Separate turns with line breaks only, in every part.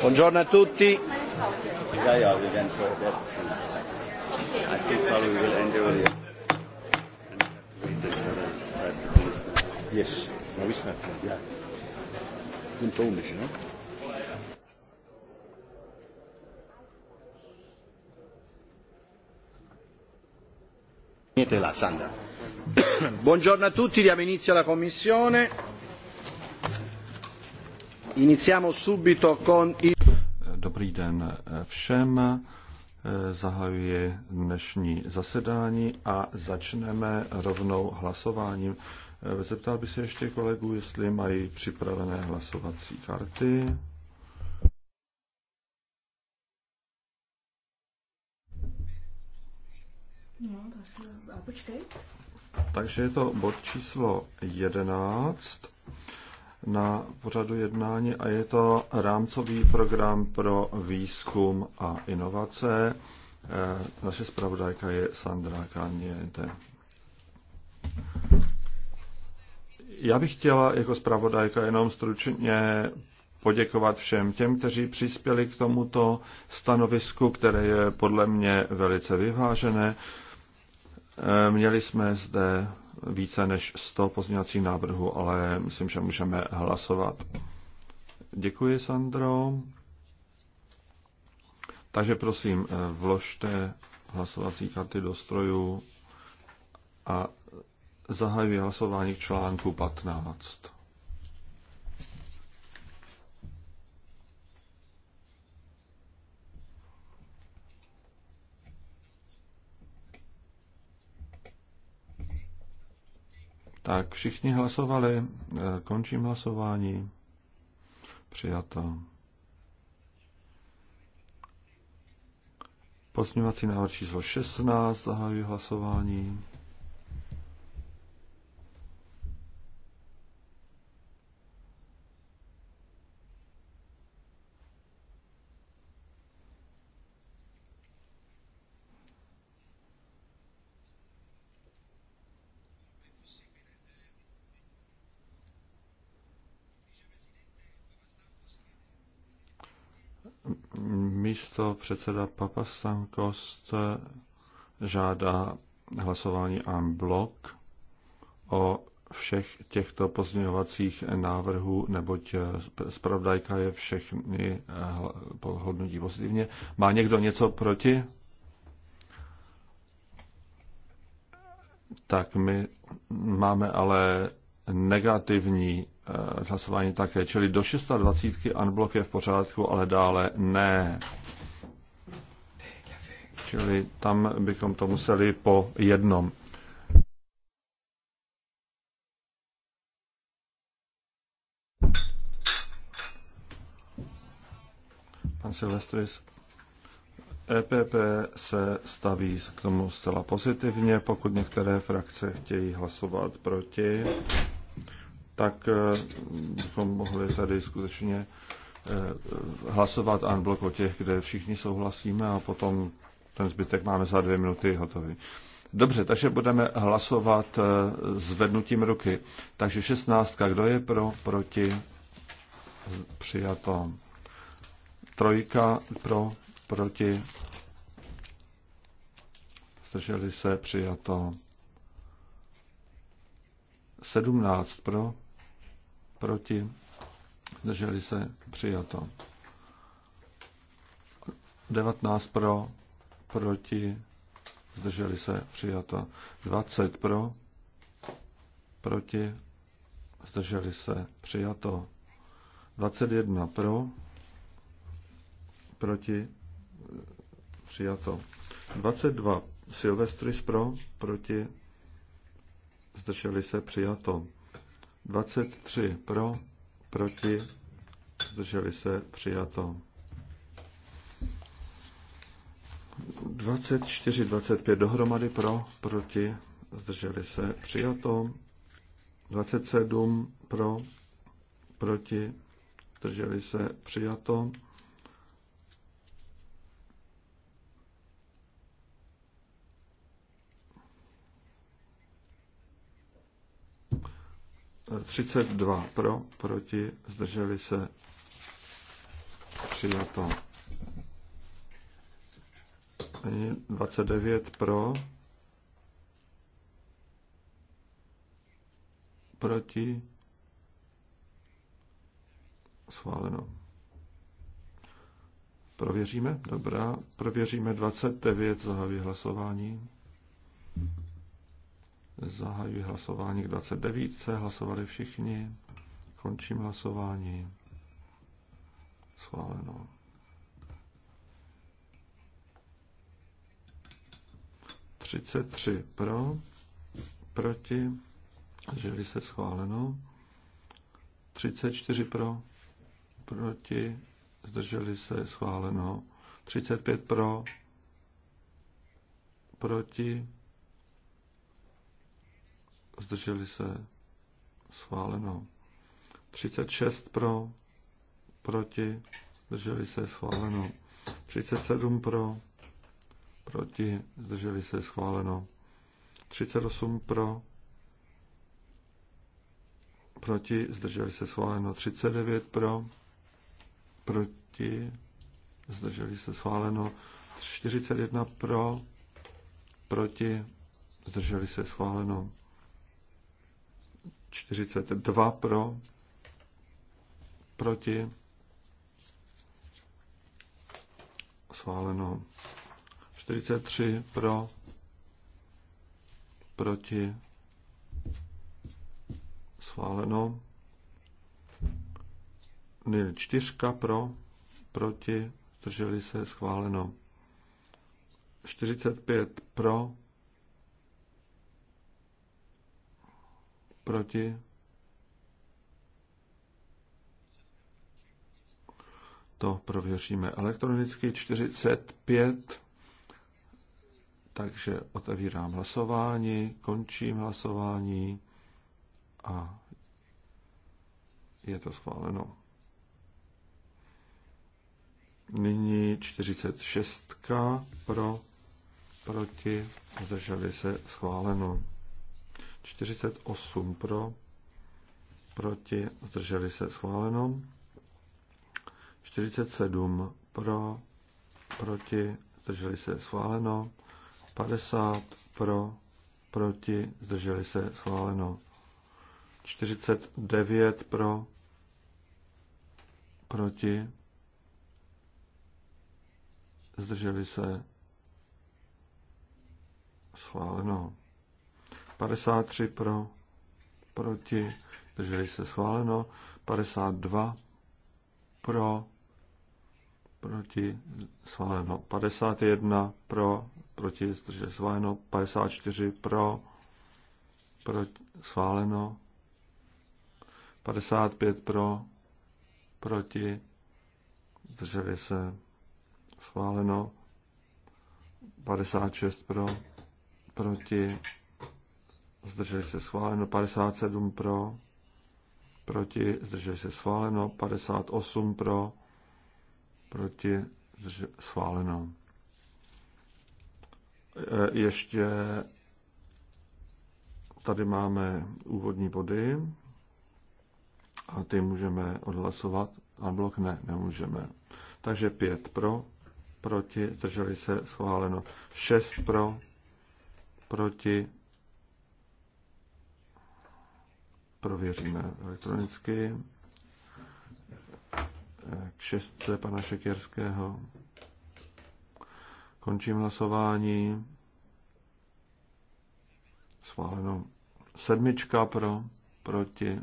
Buongiorno a tutti.
Buongiorno a tutti, diamo inizio alla Commissione. Iniziamo subito con il... Dobrý den všem. Zahajuji dnešní zasedání a začneme rovnou hlasováním. Zeptal bych se ještě kolegů, jestli mají připravené hlasovací karty.
No, to asi... A počkej.
Takže je to bod číslo 11 na pořadu jednání a je to rámcový program pro výzkum a inovace. Eh, naše zpravodajka je Sandra Kaniente. Já bych chtěla jako zpravodajka jenom stručně poděkovat všem těm, kteří přispěli k tomuto stanovisku, které je podle mě velice vyvážené. Eh, měli jsme zde více než 100 pozměňovacích návrhů, ale myslím, že můžeme hlasovat. Děkuji, Sandro. Takže prosím, vložte hlasovací karty do strojů a zahajuji hlasování k článku 15. Tak všichni hlasovali, eh, končím hlasování. Přijato. Pozměňovací návrh číslo 16, zahajuji hlasování. místo předseda Papastankost žádá hlasování en bloc o všech těchto pozměňovacích návrhů, neboť eh, zpravodajka je všechny eh, hodnotí pozitivně. Má někdo něco proti? Tak my máme ale negativní Eh, v hlasování také, čili do 26 unblock je v pořádku, ale dále ne. Čili tam bychom to museli po jednom. Pan Silvestris. EPP se staví k tomu zcela pozitivně, pokud některé frakce chtějí hlasovat proti tak eh, bychom mohli tady skutečně eh, hlasovat blok o těch, kde všichni souhlasíme a potom ten zbytek máme za dvě minuty hotový. Dobře, takže budeme hlasovat eh, zvednutím ruky. Takže šestnáctka, kdo je pro, proti, přijato. Trojka pro, proti, zdrželi se, přijato. Sedmnáct pro, proti, zdrželi se, přijato. 19 pro, proti, zdrželi se, přijato. 20 pro, proti, zdrželi se, přijato. 21 pro, proti, přijato. 22 Silvestris pro, proti, zdrželi se, přijato. 23 pro, proti, zdrželi se, přijato. 24, 25 dohromady pro, proti, zdrželi se, přijato. 27 pro, proti, zdrželi se, přijato. 32 pro, proti, zdrželi se přijato. 29 pro, proti, schváleno. Prověříme? Dobrá. Prověříme 29, zahajuji hlasování. Zahajuji hlasování k 29. Hlasovali všichni. Končím hlasování. Schváleno. Třicet tři pro, proti, žili se schváleno. 34 pro, proti, zdrželi se, schváleno. 35 pro, proti, zdrželi se, schváleno. 36 pro, proti, zdrželi se, schváleno. 37 pro, proti, zdrželi se, schváleno. 38 pro, proti, zdrželi se, schváleno. 39 pro, proti, zdrželi se, schváleno. 41 pro, proti, zdrželi se, schváleno. 42 pro, proti, schváleno. 43 pro, proti, schváleno. ne, 4 pro, proti, drželi se, schváleno. 45 pro, proti, to prověříme elektronicky 45, takže otevírám hlasování, končím hlasování a je to schváleno. Nyní 46 pro, proti, zdrželi se schváleno. 48 pro, proti, zdrželi se schváleno. 47 pro, proti, zdrželi se schváleno. 50 pro, proti, zdrželi se schváleno. 49 pro, proti, zdrželi se schváleno. 53 pro, proti, drželi se schváleno, 52 pro, proti, schváleno, 51 pro, proti, zdrželi schváleno, 54 pro, proti, schváleno, 55 pro, proti, zdrželi se, schváleno, 56 pro, proti, zdrželi se schváleno 57 pro, proti, zdrželi se schváleno 58 pro, proti, zdrželi, schváleno. E, ještě tady máme úvodní body a ty můžeme odhlasovat. A blok ne, nemůžeme. Takže 5 pro, proti, zdrželi se schváleno. 6 pro, proti, prověříme elektronicky k šestce pana Šekerského. Končím hlasování. Sváleno. Sedmička pro, proti.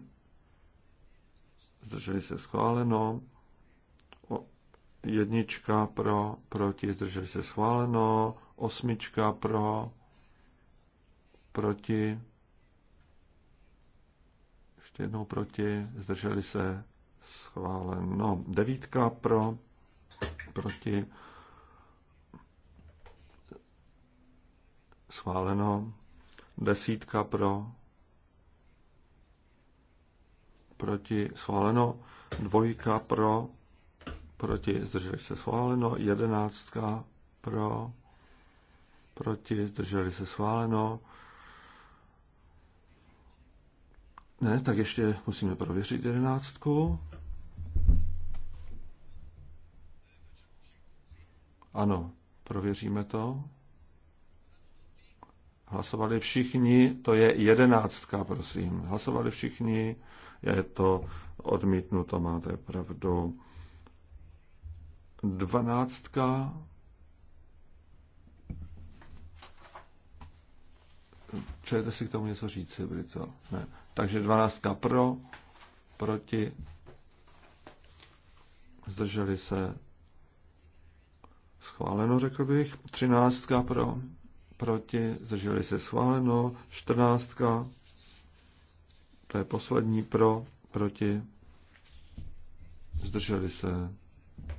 Zdrželi se schváleno. O, jednička pro, proti. Zdrželi se schváleno. Osmička pro, proti ještě jednou proti, zdrželi se, No, Devítka pro, proti, schváleno. Desítka pro, proti, schváleno. Dvojka pro, proti, zdrželi se, schváleno. Jedenáctka pro, proti, zdrželi se, schváleno. Ne, tak ještě musíme prověřit jedenáctku. Ano, prověříme to. Hlasovali všichni, to je jedenáctka, prosím. Hlasovali všichni, je to odmítnuto, máte pravdu. Dvanáctka, Přejete si k tomu něco říct, Brito? Ne. Takže 12 pro, proti, zdrželi se schváleno, řekl bych. 13 pro, proti, zdrželi se schváleno. 14. to je poslední pro, proti, zdrželi se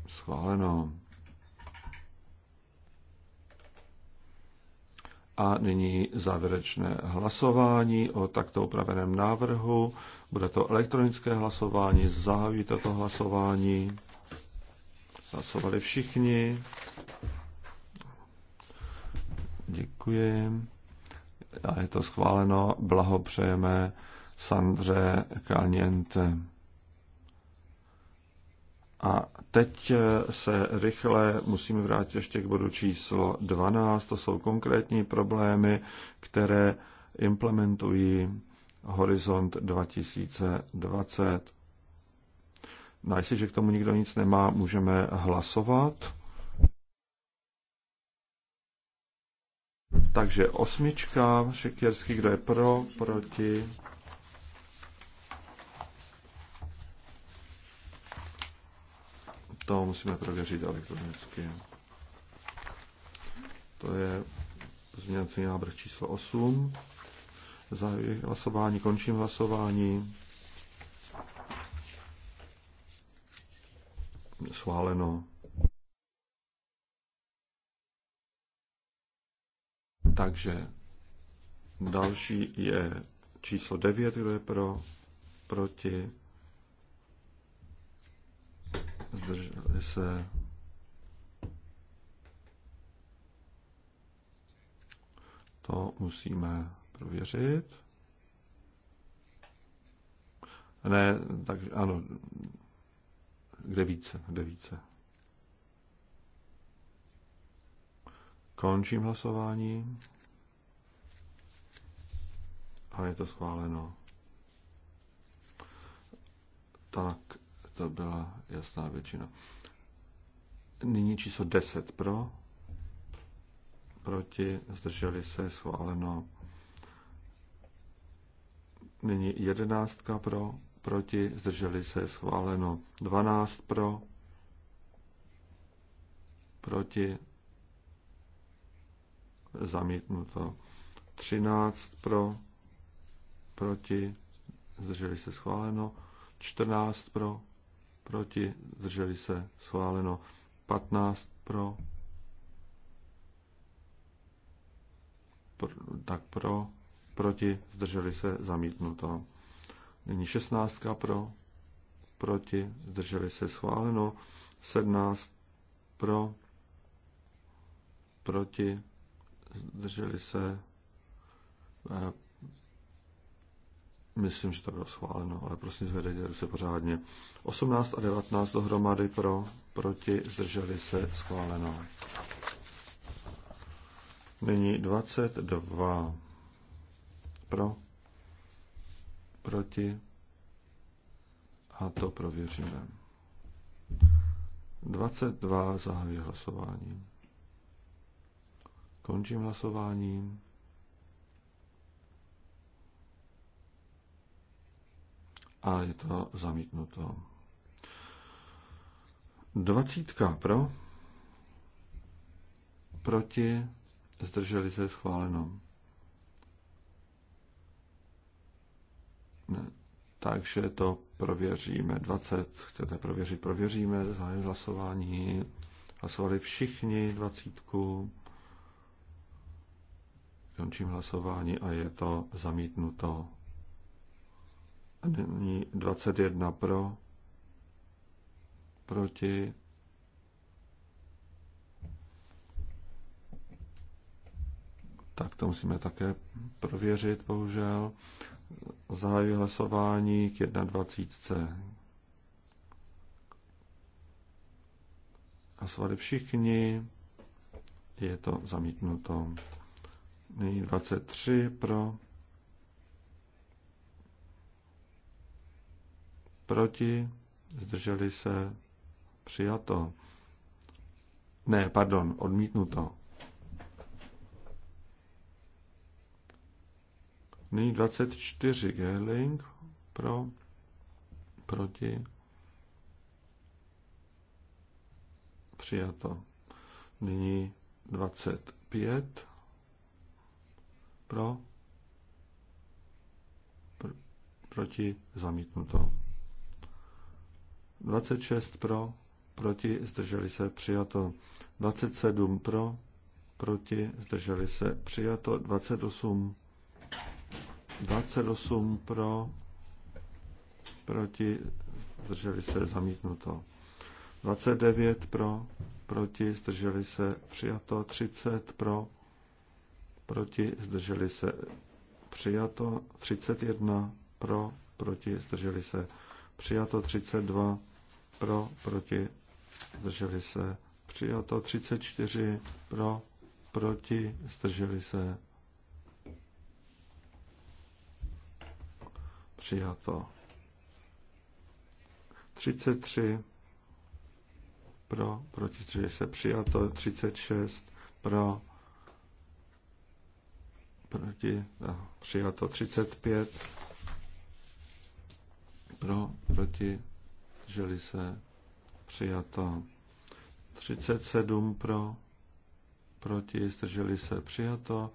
schváleno. A nyní závěrečné hlasování o takto upraveném návrhu. Bude to elektronické hlasování. Zahajuji toto hlasování. Hlasovali všichni. Děkuji. A je to schváleno. Blahopřejeme Sandře Kalniente. A teď eh, se rychle musíme vrátit ještě k bodu číslo 12. To jsou konkrétní problémy, které implementují Horizont 2020. No a jestliže k tomu nikdo nic nemá, můžeme hlasovat. Takže osmička, Šekerský, kdo je pro, proti, To musíme prověřit elektronicky. To je pozměňovací návrh číslo 8. Zahajuji hlasování, končím hlasování. Schváleno. Takže další je číslo 9, kdo je pro, proti zdrželi se. To musíme prověřit. Ne, takže ano, kde více, kde více. Končím hlasování. A je to schváleno. Tak to byla jasná většina. Nyní číslo 10 pro, proti, zdrželi se, schváleno. Nyní 11 pro, proti, zdrželi se, schváleno. 12 pro, proti, zamítnuto. 13 pro, proti, zdrželi se schváleno, 14 pro, proti, zdrželi se, schváleno. 15 pro, pr- tak pro, proti, zdrželi se, zamítnuto. Nyní 16 pro, proti, zdrželi se, schváleno. 17 pro, proti, zdrželi se, eh, Myslím, že to bylo schváleno, ale prosím zvedejte se pořádně. 18 a 19 dohromady pro, proti, zdrželi se, schváleno. Nyní 22 pro, proti a to prověříme. 22 zahajuje hlasování. Končím hlasování. a je to zamítnuto. Dvacítka pro, proti, zdrželi se schváleno. Ne. Takže to prověříme. 20 chcete prověřit, prověříme. Zahájím hlasování. Hlasovali všichni dvacítku. Končím hlasování a je to zamítnuto. Nyní 21 pro, proti, tak to musíme také prověřit, bohužel. Zahajuji hlasování k 21. Hlasovali všichni, je to zamítnuto. Nyní 23 pro, proti, zdrželi se, přijato. Ne, pardon, odmítnuto. Nyní 24 Gerling pro, proti, přijato. Nyní 25 pro, pr, proti, zamítnuto. 26 pro, proti, zdrželi se, přijato. 27 pro, proti, zdrželi se, přijato. 28, 28 pro, proti, zdrželi se, zamítnuto. 29 pro, proti, zdrželi se, přijato. 30 pro, proti, zdrželi se, přijato. 31 pro, proti, zdrželi se, přijato. 32 pro, proti, zdrželi se, přijato 34 pro, proti, zdrželi se, přijato 33 pro, proti, zdrželi se, přijato 36 pro, proti, přijato 35 pro, proti, zdrželi se, přijato. 37 pro, proti, zdrželi se, přijato.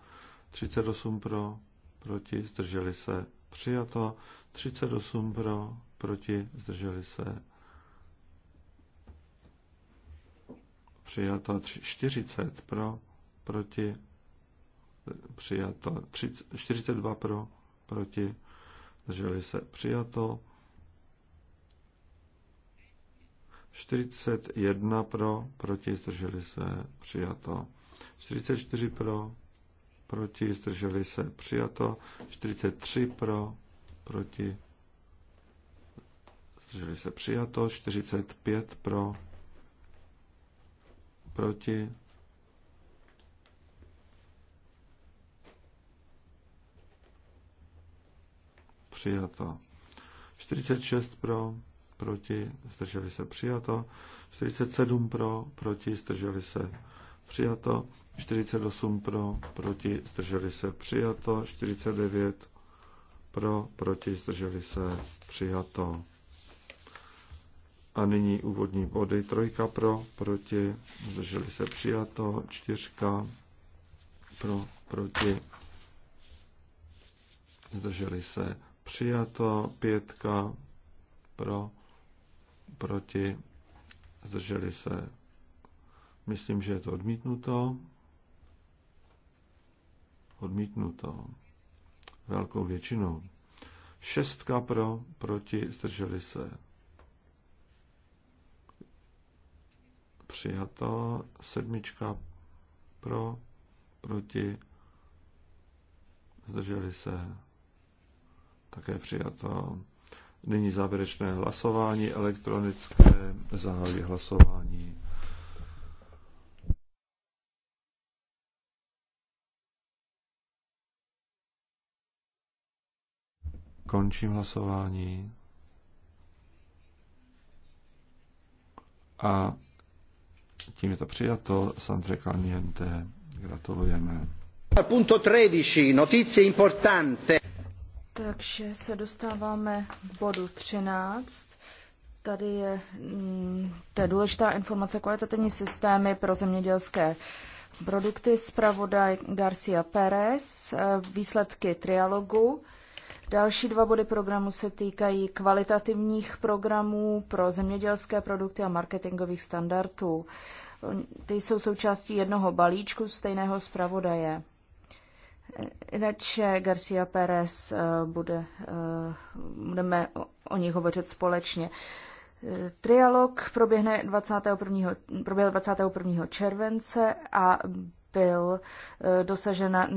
38 pro, proti, zdrželi se, přijato. 38 pro, proti, zdrželi se, přijato. 40 pro, proti, přijato. 42 pro, proti, zdrželi se, přijato. 41 pro, proti, zdrželi se, přijato. 44 pro, proti, zdrželi se, přijato. 43 pro, proti, zdrželi se, přijato. 45 pro, proti, přijato. 46 pro, proti, zdrželi se přijato, 47 pro, proti, zdrželi se přijato, 48 pro, proti, zdrželi se přijato, 49 pro, proti, zdrželi se přijato. A nyní úvodní body. Trojka pro, proti, zdrželi se přijato, čtyřka pro, proti, zdrželi se přijato, pětka pro, proti, zdrželi se. Myslím, že je to odmítnuto. Odmítnuto velkou většinou. Šestka pro, proti, zdrželi se. Přijato, sedmička pro, proti, zdrželi se. Také přijato. Nyní závěrečné hlasování, elektronické zahájí hlasování. Končím hlasování. A tím je to přijato. Sandře Kaniente, gratulujeme.
Punto 13, notizie importante. Takže
se dostáváme k bodu 13. Tady je mm, ta důležitá informace kvalitativní systémy pro zemědělské produkty. Zpravodaj Garcia Pérez, eh, výsledky trialogu. Další dva body programu se týkají kvalitativních programů pro zemědělské produkty a marketingových standardů. Ty jsou součástí jednoho balíčku stejného zpravodaje. Inače eh, Garcia Pérez eh, bude, eh, budeme o nich hovořit společně. Trialog proběhne 21. proběhl 21. července a byl dosažena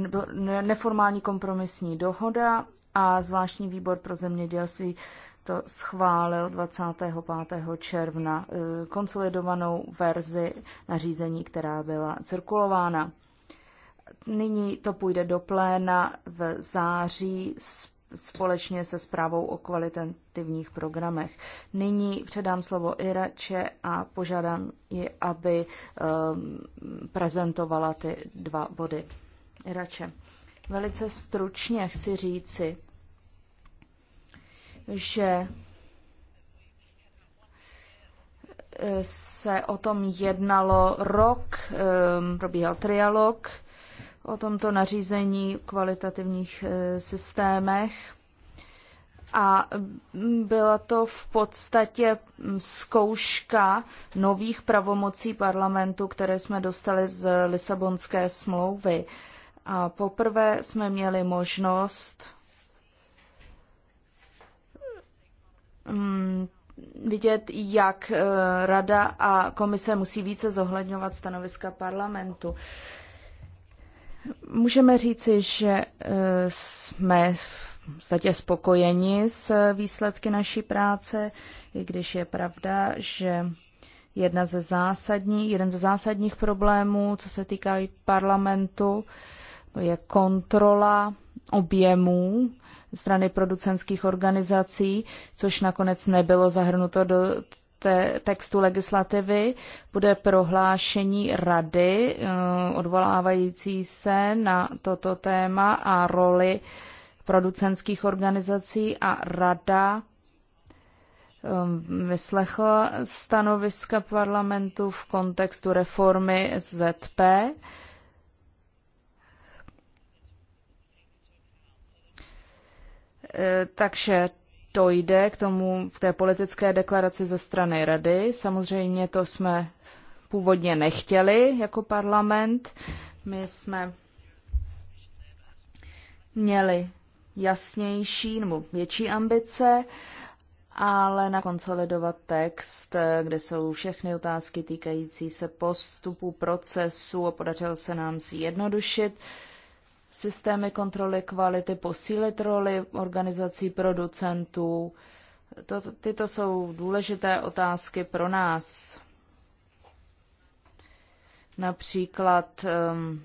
neformální kompromisní dohoda a zvláštní výbor pro zemědělství to schválil 25. června konsolidovanou verzi nařízení, která byla cirkulována. Nyní to půjde do pléna v září společně se zprávou o kvalitativních programech. Nyní předám slovo Irače a požádám ji, aby um, prezentovala ty dva body. Irače, velice stručně chci říci, že eh, se o tom jednalo rok, um, probíhal trialog, o tomto nařízení kvalitativních e, systémech. A mm, byla to v podstatě mm, zkouška nových pravomocí parlamentu, které jsme dostali z Lisabonské smlouvy. A poprvé jsme měli možnost mm, vidět, jak e, Rada a komise musí více zohledňovat stanoviska parlamentu. Můžeme říci, že e, jsme v podstatě spokojeni s výsledky naší práce, i když je pravda, že jedna ze zásadní, jeden ze zásadních problémů, co se týká parlamentu, to je kontrola objemů strany producenských organizací, což nakonec nebylo zahrnuto do te- textu legislativy bude prohlášení rady eh, odvolávající se na toto téma a roli producentských organizací a rada eh, vyslechla stanoviska parlamentu v kontextu reformy ZP. Eh, takže dojde k tomu k té politické deklaraci ze strany Rady. Samozřejmě to jsme původně nechtěli jako parlament. My jsme měli jasnější nebo větší ambice, ale na konsolidovat text, kde jsou všechny otázky týkající se postupu, procesu a podařilo se nám zjednodušit. jednodušit systémy kontroly kvality, posílit roli organizací producentů. To, tyto jsou důležité otázky pro nás. Například um,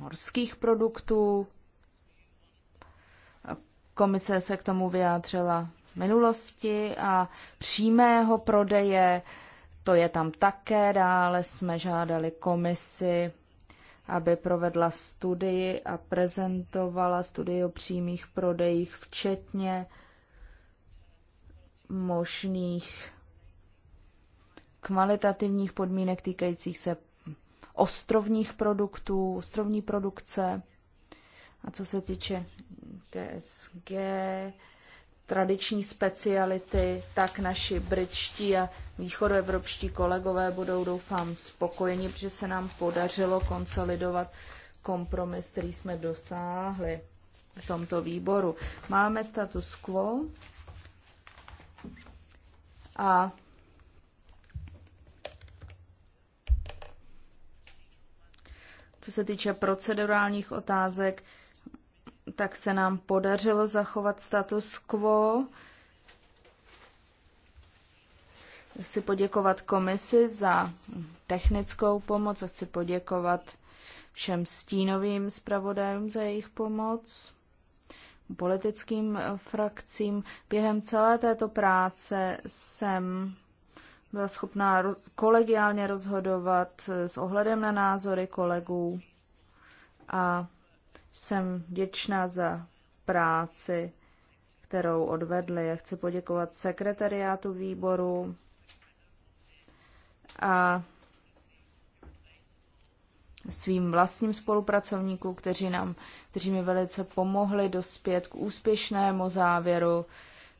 horských produktů. Komise se k tomu vyjádřila v minulosti a přímého prodeje, to je tam také. Dále jsme žádali komisi aby provedla studii a prezentovala studii o přímých prodejích, včetně možných kvalitativních podmínek týkajících se ostrovních produktů, ostrovní produkce. A co se týče TSG, tradiční speciality, tak naši britští a východoevropští kolegové budou, doufám, spokojeni, protože se nám podařilo konsolidovat kompromis, který jsme dosáhli v tomto výboru. Máme status quo a co se týče procedurálních otázek, tak se nám podařilo zachovat status quo. Chci poděkovat komisi za technickou pomoc a chci poděkovat všem stínovým zpravodajům za jejich pomoc, politickým frakcím. Během celé této práce jsem byla schopná kolegiálně rozhodovat s ohledem na názory kolegů a jsem děčná za práci, kterou odvedli. Já chci poděkovat sekretariátu výboru a svým vlastním spolupracovníkům, kteří, nám, kteří mi velice pomohli dospět k úspěšnému závěru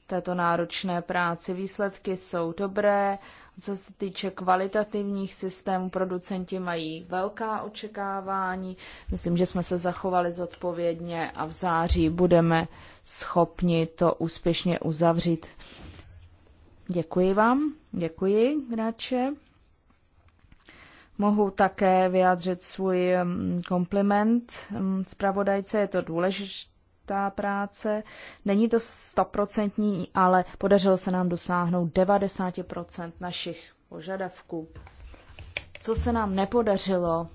této náročné práce. Výsledky jsou dobré co se týče kvalitativních systémů, producenti mají velká očekávání. Myslím, že jsme se zachovali zodpovědně a v září budeme schopni to úspěšně uzavřít. Děkuji vám, děkuji, hráče. Mohu také vyjádřit svůj mm, kompliment mm, zpravodajce, je to důležité ta práce. Není to stoprocentní, ale podařilo se nám dosáhnout 90% našich požadavků. Co se nám nepodařilo,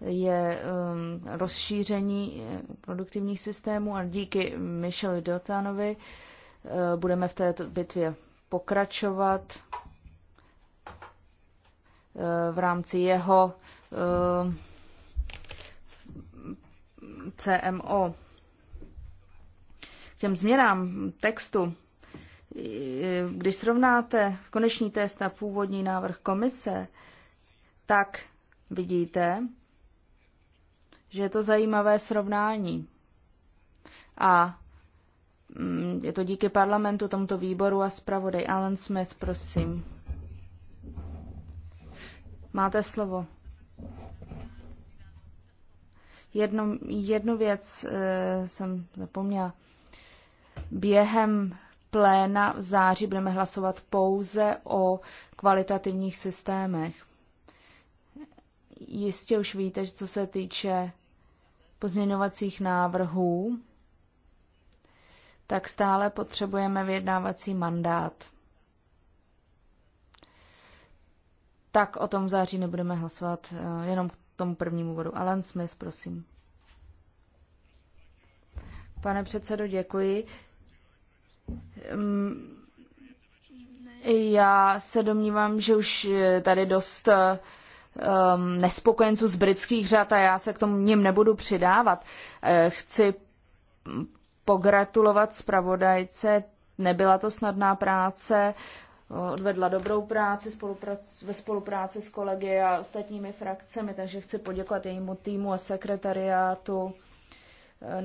je um, rozšíření eh, produktivních systémů a díky Michelu Dotanovi uh, eh, budeme v této bitvě pokračovat uh, v rámci jeho uh, CMO. K těm změnám textu, když srovnáte konečný test na původní návrh komise, tak vidíte, že je to zajímavé srovnání. A mm, je to díky parlamentu, tomuto výboru a zpravodaj. Alan Smith, prosím. Máte slovo jednu, jednu věc e, jsem zapomněla. Během pléna v září budeme hlasovat pouze o kvalitativních systémech. Jistě už víte, že co se týče pozměňovacích návrhů, tak stále potřebujeme vyjednávací mandát. Tak o tom v září nebudeme hlasovat, eh, jenom tomu prvnímu bodu. Alan Smith, prosím. Pane předsedo, děkuji. Ehm, já se domnívám, že už tady dost um, nespokojenců z britských řad a já se k tomu ním nebudu přidávat. Eh, chci pogratulovat zpravodajce, nebyla to snadná práce, odvedla dobrou práci ve spolupráci s kolegy a ostatními frakcemi, takže chci poděkovat jejímu týmu a sekretariátu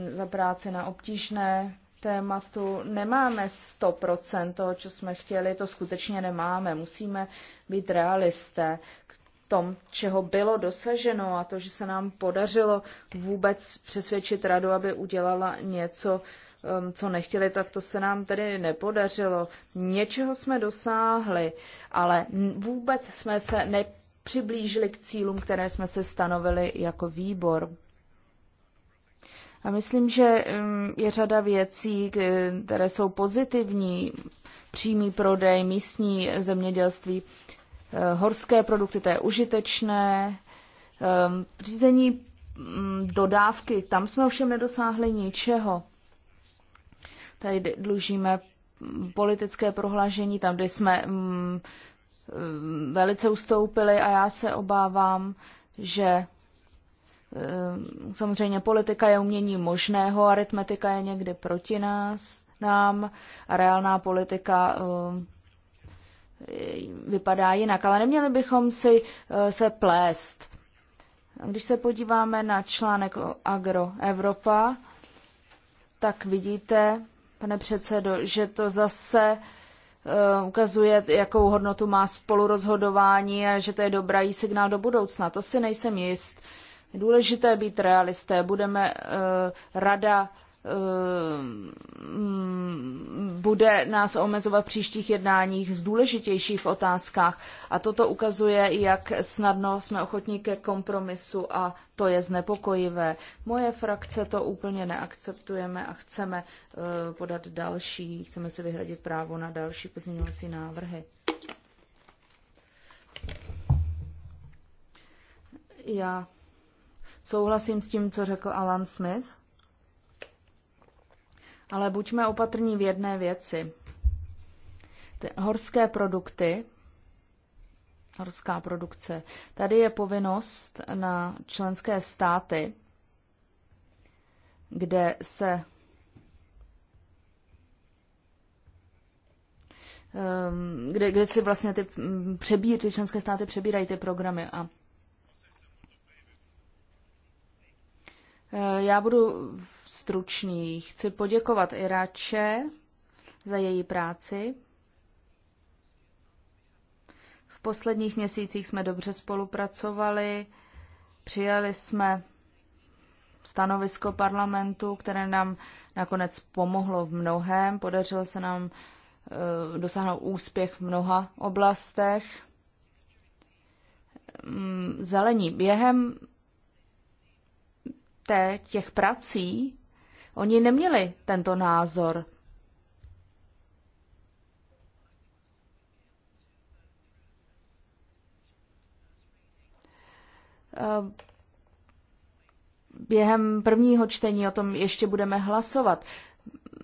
eh, za práci na obtížné tématu. Nemáme 100% toho, co jsme chtěli, to skutečně nemáme. Musíme být realisté k tom, čeho bylo dosaženo a to, že se nám podařilo vůbec přesvědčit radu, aby udělala něco, Um, co nechtěli, tak to se nám tedy nepodařilo. Něčeho jsme dosáhli, ale vůbec jsme se nepřiblížili k cílům, které jsme se stanovili jako výbor. A myslím, že um, je řada věcí, které jsou pozitivní, přímý prodej, místní zemědělství, eh, horské produkty, to je užitečné, eh, řízení mm, dodávky, tam jsme ovšem nedosáhli ničeho. Tady dlužíme politické prohlášení, tam, kde jsme mm, mm, velice ustoupili a já se obávám, že mm, samozřejmě politika je umění možného, aritmetika je někdy proti nás, nám a reálná politika mm, vypadá jinak. Ale neměli bychom si eh, se plést. Když se podíváme na článek Agro Evropa, tak vidíte, pane předsedo, že to zase eh, ukazuje, jakou hodnotu má spolurozhodování a že to je dobrý signál do budoucna. To si nejsem jist. Důležité být realisté. Budeme eh, rada Ehm, bude nás omezovat v příštích jednáních z důležitějších otázkách. A toto ukazuje, jak snadno jsme ochotní ke kompromisu a to je znepokojivé. Moje frakce to úplně neakceptujeme a chceme eh, podat další, chceme si vyhradit právo na další pozměňovací návrhy. Já souhlasím s tím, co řekl Alan Smith. Ale buďme opatrní v jedné věci. Ty horské produkty, horská produkce, tady je povinnost na členské státy, kde se ehm, kde, kde si vlastně ty, mm, přebír, ty členské státy přebírají ty programy. A eh, já budu stručný. Chci poděkovat Irače za její práci. V posledních měsících jsme dobře spolupracovali, přijali jsme stanovisko parlamentu, které nám nakonec pomohlo v mnohem. Podařilo se nám eh, dosáhnout úspěch v mnoha oblastech. Mm, zelení. Během té těch prací, oni neměli tento názor. Eh, během prvního čtení o tom ještě budeme hlasovat.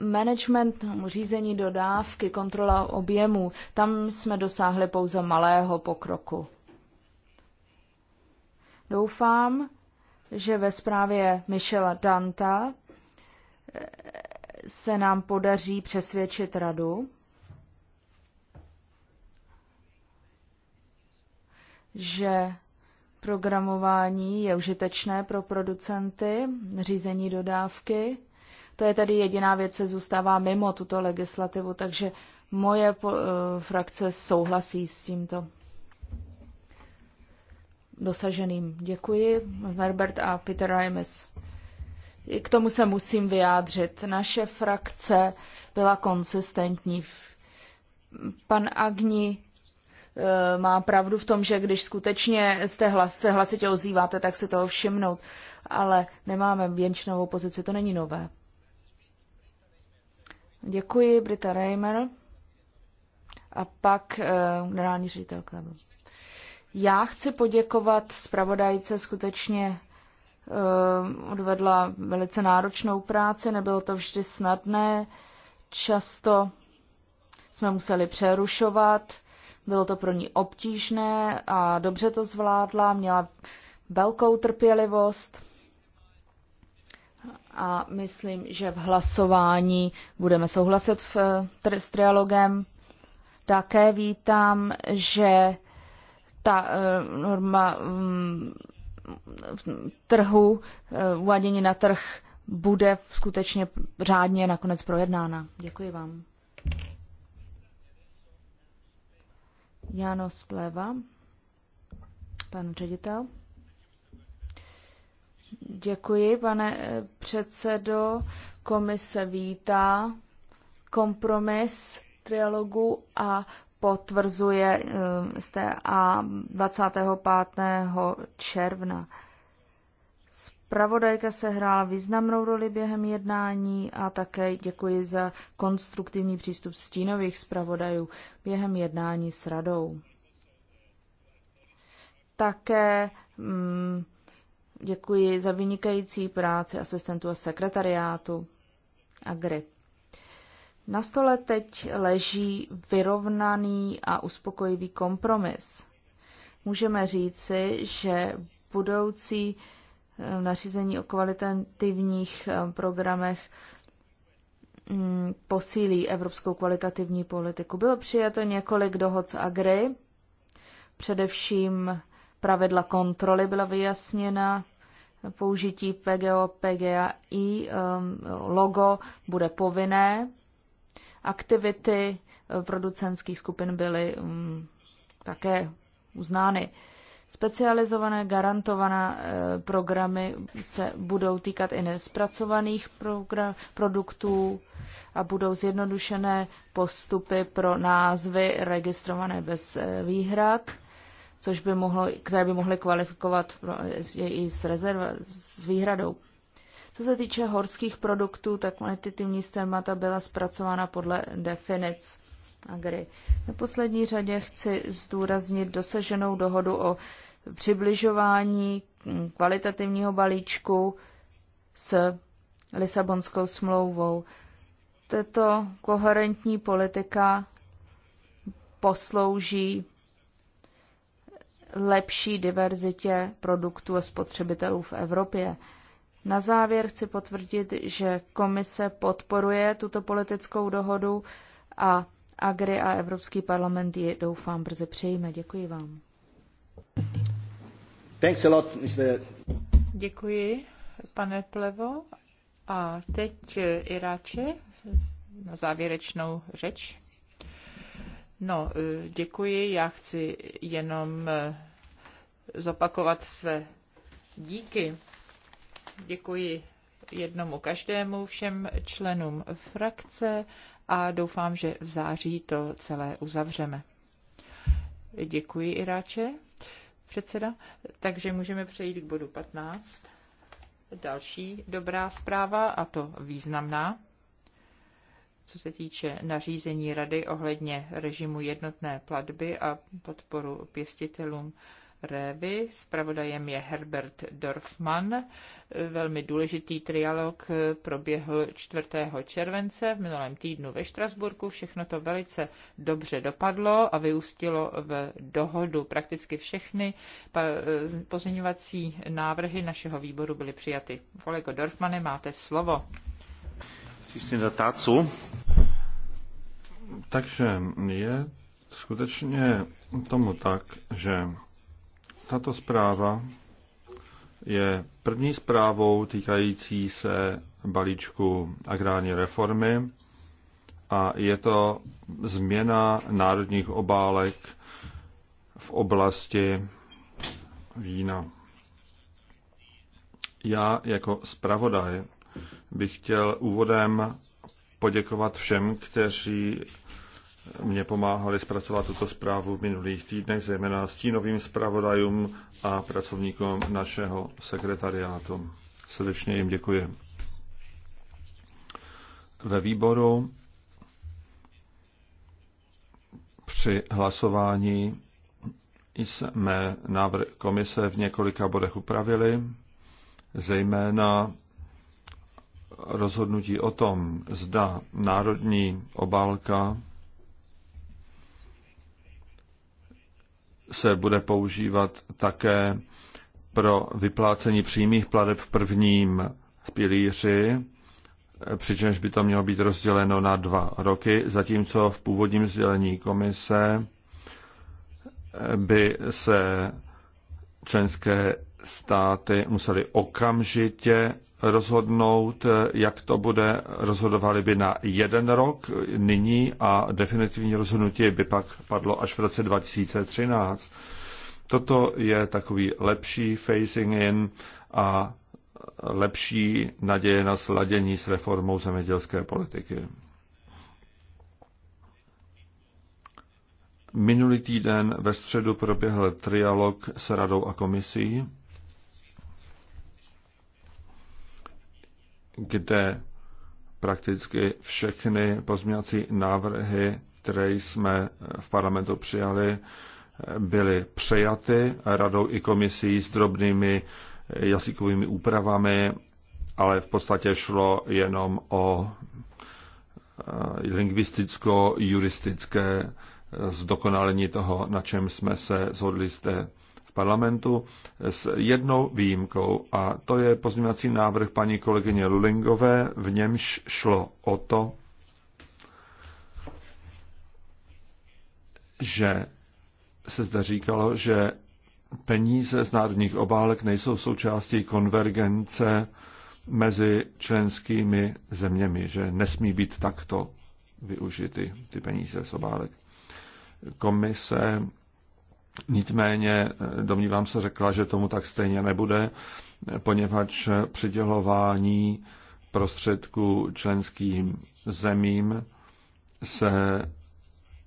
Management, řízení dodávky, kontrola objemů, tam jsme dosáhli pouze malého pokroku. Doufám, že ve zprávě Michela Danta eh, se nám podaří přesvědčit radu, že programování je užitečné pro producenty, řízení dodávky. To je tedy jediná věc, co zůstává mimo tuto legislativu, takže moje eh, frakce souhlasí s tímto dosaženým. Děkuji, Herbert a Peter Reimes. K tomu se musím vyjádřit. Naše frakce byla konsistentní. Pan Agni eh, má pravdu v tom, že když skutečně jste hlas, se hlasitě ozýváte, tak si toho všimnout. Ale nemáme věnčnou pozici, to není nové. Děkuji, Brita Reimer. A pak uh, generální ředitel klubu. Já chci poděkovat zpravodajce, skutečně eh, odvedla velice náročnou práci, nebylo to vždy snadné, často jsme museli přerušovat, bylo to pro ní obtížné a dobře to zvládla, měla velkou trpělivost a myslím, že v hlasování budeme souhlasit v, eh, s trialogem. Také vítám, že ta eh, norma mm, trhu, eh, uvádění na trh bude skutečně řádně nakonec projednána. Děkuji vám. Jano Spleva, pan ředitel. Děkuji, pane eh, předsedo. Komise vítá kompromis trialogu a potvrzuje eh, a 25. června. Spravodajka se hrála významnou roli během jednání a také děkuji za konstruktivní přístup stínových zpravodajů během jednání s radou. Také mm, děkuji za vynikající práci asistentů a sekretariátu a GRIP. Na stole teď leží vyrovnaný a uspokojivý kompromis. Můžeme říci, že budoucí eh, nařízení o kvalitativních eh, programech mm, posílí evropskou kvalitativní politiku. Bylo přijato několik dohod z Agry, především pravidla kontroly byla vyjasněna, použití PGO, i eh, logo bude povinné aktivity eh, producentských skupin byly mm, také uznány. Specializované garantované eh, programy se budou týkat i nespracovaných produktů a budou zjednodušené postupy pro názvy registrované bez eh, výhrad, což by mohlo, které by mohly kvalifikovat pro, i s, rezerva, s výhradou. Co se týče horských produktů, tak kvalitativní témata byla zpracována podle definic agri. Na poslední řadě chci zdůraznit dosaženou dohodu o přibližování kvalitativního balíčku s Lisabonskou smlouvou. Tato koherentní politika poslouží lepší diverzitě produktů a spotřebitelů v Evropě. Na závěr chci potvrdit, že komise podporuje tuto politickou dohodu a Agri a Evropský parlament ji doufám brzy přijme.
Děkuji vám.
Thanks a lot, Mr.
Děkuji, pane Plevo. A teď eh, Iráče na závěrečnou řeč. No, eh, děkuji. Já chci jenom eh, zopakovat své díky Děkuji jednomu každému, všem členům frakce a doufám, že v září to celé uzavřeme. Děkuji, Iráče, předseda. Takže můžeme přejít k bodu 15. Další dobrá zpráva, a to významná, co se týče nařízení Rady ohledně režimu jednotné platby a podporu pěstitelům Révy. Spravodajem je Herbert Dorfman. Velmi důležitý trialog proběhl 4. července v minulém týdnu ve Štrasburku. Všechno to velice dobře dopadlo a vyústilo v dohodu. Prakticky všechny pozměňovací návrhy našeho výboru byly přijaty. Kolego Dorfmane, máte slovo.
Takže je skutečně tomu tak, že tato zpráva je první zprávou týkající se balíčku agrární reformy a je to změna národních obálek v oblasti vína. Já jako zpravodaj bych chtěl úvodem poděkovat všem, kteří mě pomáhali zpracovat tuto zprávu v minulých týdnech, zejména stínovým zpravodajům a pracovníkům našeho sekretariátu. Srdečně jim děkuji. Ve výboru při hlasování jsme návrh komise v několika bodech upravili, zejména rozhodnutí o tom, zda národní obálka se bude používat také pro vyplácení přímých plateb v prvním pilíři, přičemž by to mělo být rozděleno na dva roky, zatímco v původním sdělení komise by se členské státy museli okamžitě rozhodnout, jak to bude. Rozhodovali by na jeden rok nyní a definitivní rozhodnutí by pak padlo až v roce 2013. Toto je takový lepší phasing in a lepší naděje na sladění s reformou zemědělské politiky. Minulý týden ve středu proběhl trialog s radou a komisí kde prakticky všechny pozměňovací návrhy, které jsme v parlamentu přijali, byly přejaty radou i komisí s drobnými jazykovými úpravami, ale v podstatě šlo jenom o eh, lingvisticko-juristické zdokonalení toho, na čem jsme se shodli zde v parlamentu s jednou výjimkou a to je pozměňovací návrh paní kolegyně Lulingové, v němž šlo o to, že se zde říkalo, že peníze z národních obálek nejsou součástí konvergence mezi členskými zeměmi, že nesmí být takto využity ty peníze z obálek. Komise Nicméně eh, domnívám se řekla, že tomu tak stejně nebude, poněvadž přidělování prostředků členským zemím se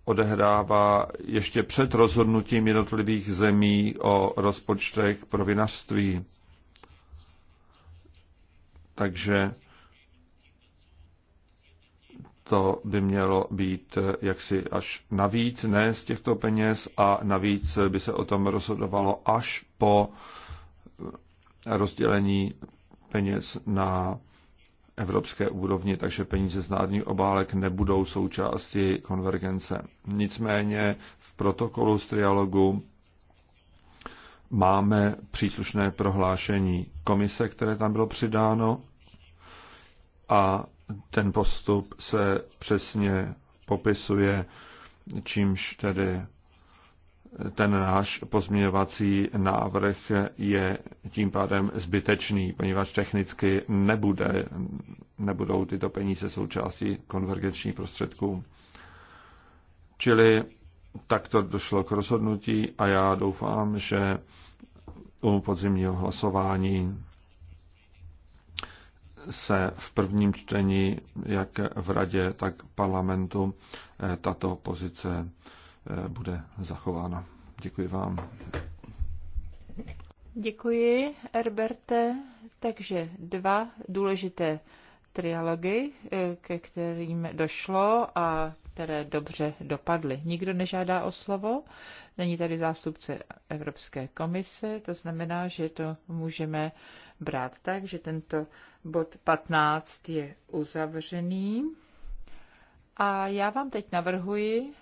odehrává ještě před rozhodnutím jednotlivých zemí o rozpočtech pro vinařství. Takže to by mělo být eh, jaksi až navíc, ne z těchto peněz a navíc eh, by se o tom rozhodovalo až po eh, rozdělení peněz na evropské úrovni, takže peníze z národních obálek nebudou součástí konvergence. Nicméně v protokolu z trialogu máme příslušné prohlášení komise, které tam bylo přidáno a ten postup se přesně popisuje, čímž tedy ten náš pozměňovací návrh je tím pádem zbytečný, poněvadž technicky nebude, nebudou tyto peníze součástí konvergenčních prostředků. Čili takto došlo k rozhodnutí a já doufám, že u podzimního hlasování se v prvním čtení, jak v radě, tak parlamentu, eh, tato pozice eh, bude zachována. Děkuji vám.
Děkuji, Herberte. Takže dva důležité trialogy, eh, ke kterým došlo a které dobře dopadly. Nikdo nežádá o slovo, není tady zástupce Evropské komise, to znamená, že to můžeme brát tak, že tento bod 15 je uzavřený. A já vám teď navrhuji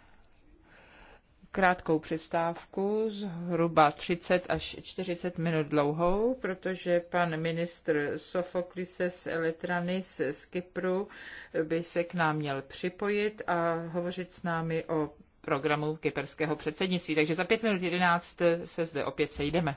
krátkou přestávku, zhruba 30 až 40 minut dlouhou, protože pan ministr Sofoklises Eletranis z Kypru by se k nám měl připojit a hovořit s námi o programu kyperského předsednictví. Takže za pět minut 11 se zde opět sejdeme.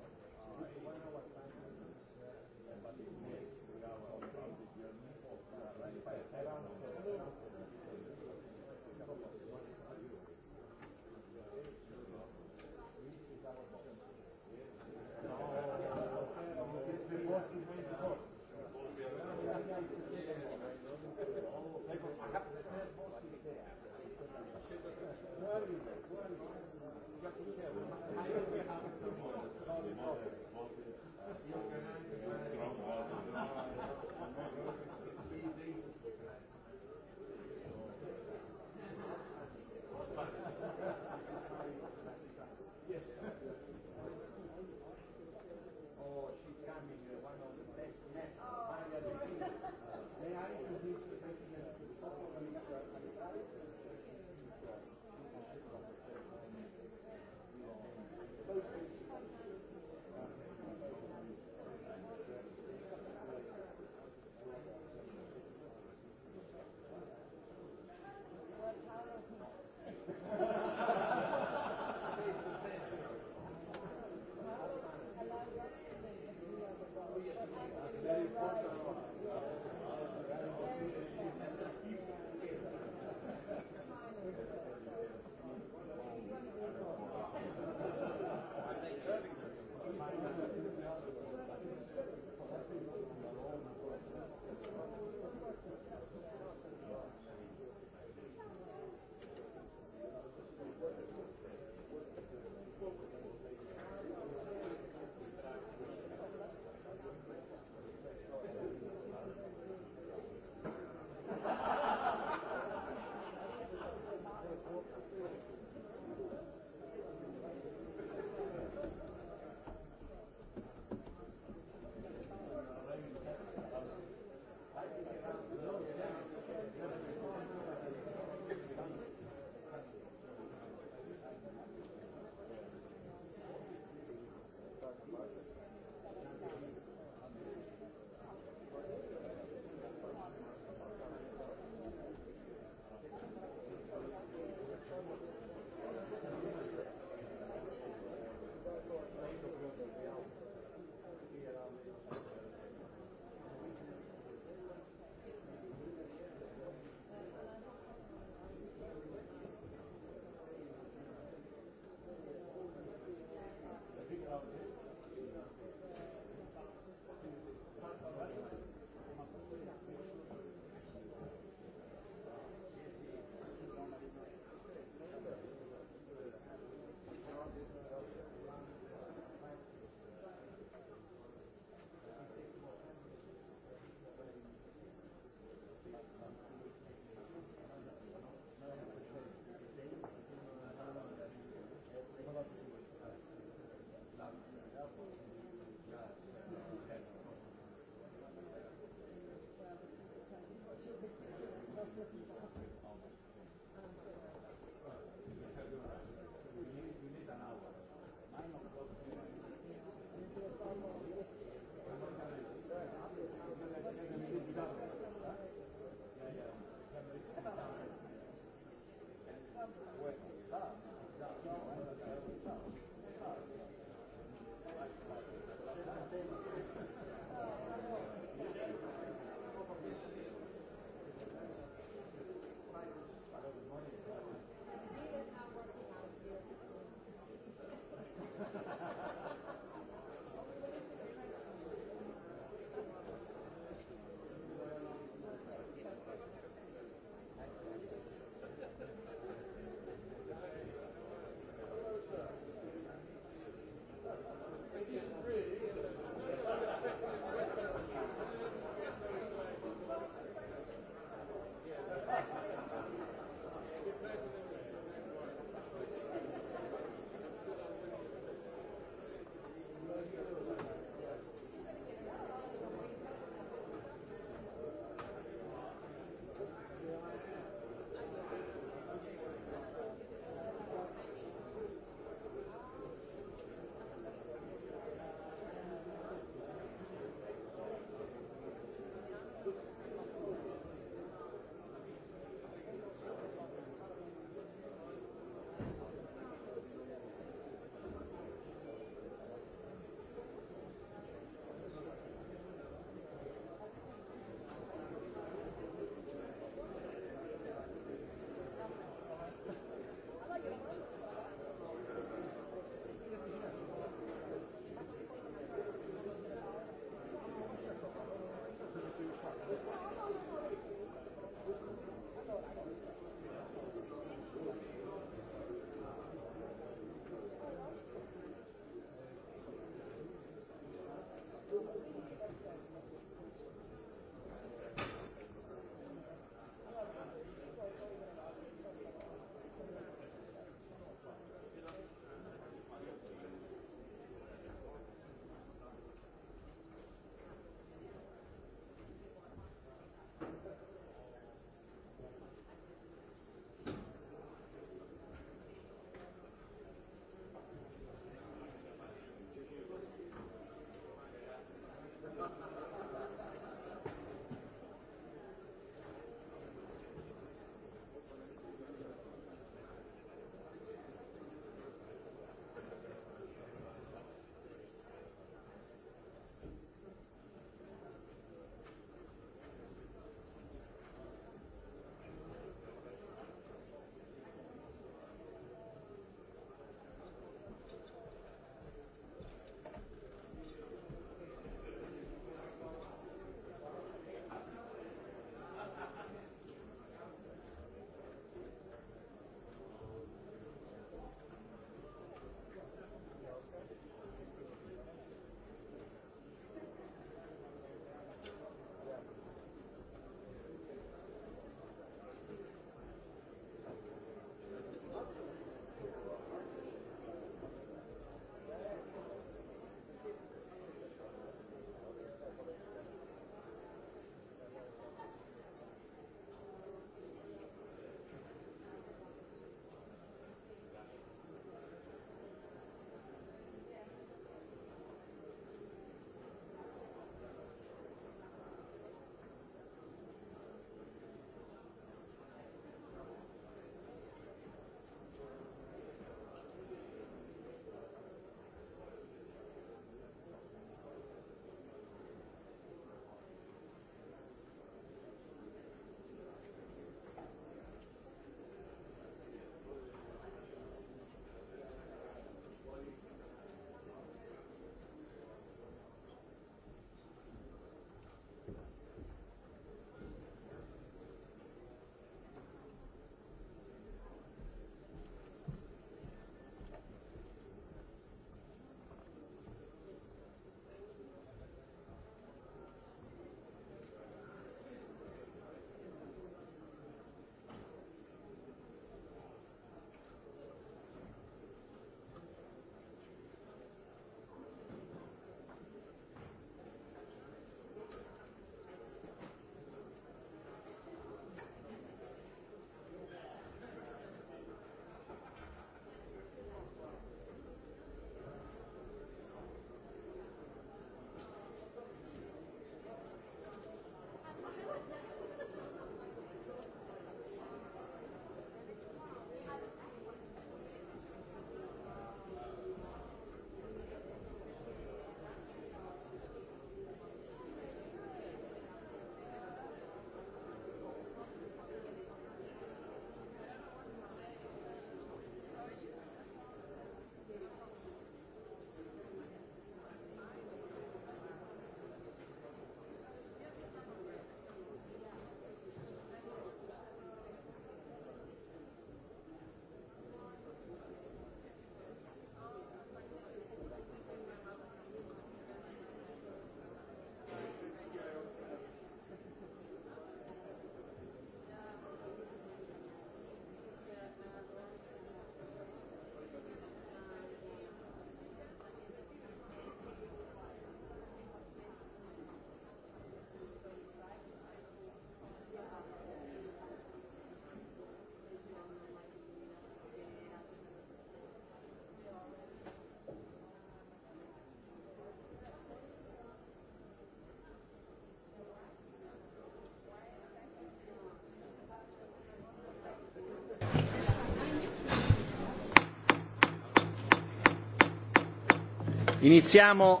Iniziamo,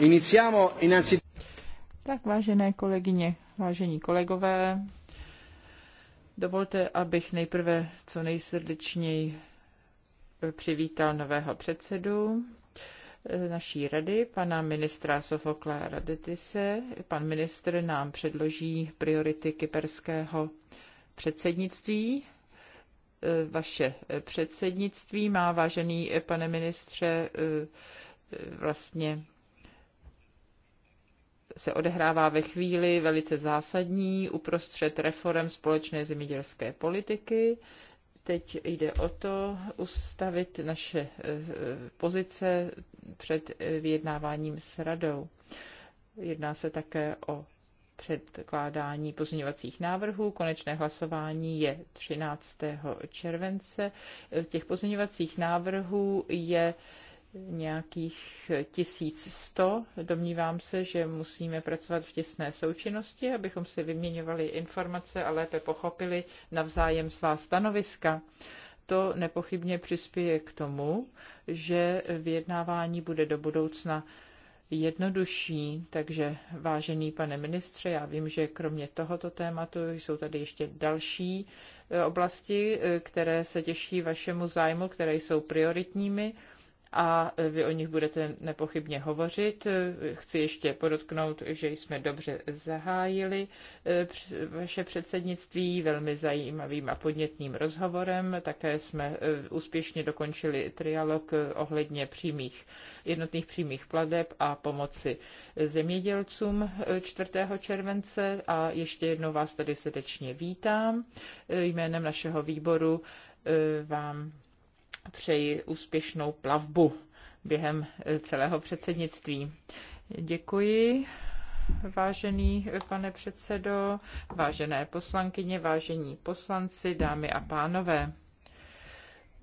iniziamo innanzitutto.
Tak vážené kolegyně, vážení kolegové, dovolte, abych nejprve co nejsrdečněji přivítal nového předsedu eh, naší rady, pana ministra Sofokla Radetise. Pan ministr nám předloží priority kyperského předsednictví Eh, vaše předsednictví má, vážený pane ministře, eh, vlastně se odehrává ve chvíli velice zásadní uprostřed reform společné zemědělské politiky. Teď jde o to ustavit naše eh, pozice před vyjednáváním s radou. Jedná se také o předkládání pozměňovacích návrhů. Konečné hlasování je 13. července. Těch pozměňovacích návrhů je nějakých 1100. Domnívám se, že musíme pracovat v těsné součinnosti, abychom si vyměňovali informace a lépe pochopili navzájem svá stanoviska. To nepochybně přispěje k tomu, že vyjednávání bude do budoucna jednodušší. Takže, vážený pane ministře, já vím, že kromě tohoto tématu jsou tady ještě další e, oblasti, e, které se těší vašemu zájmu, které jsou prioritními a vy o nich budete nepochybně hovořit. Chci ještě podotknout, že jsme dobře zahájili eh, vaše předsednictví velmi zajímavým a podnětným rozhovorem. Také jsme eh, úspěšně dokončili trialog eh, ohledně přímých, jednotných přímých pladeb a pomoci zemědělcům 4. července a ještě jednou vás tady srdečně vítám. Jménem našeho výboru vám přeji úspěšnou plavbu během eh, celého předsednictví. Děkuji. Vážený eh, pane předsedo, vážené poslankyně, vážení poslanci, dámy a pánové.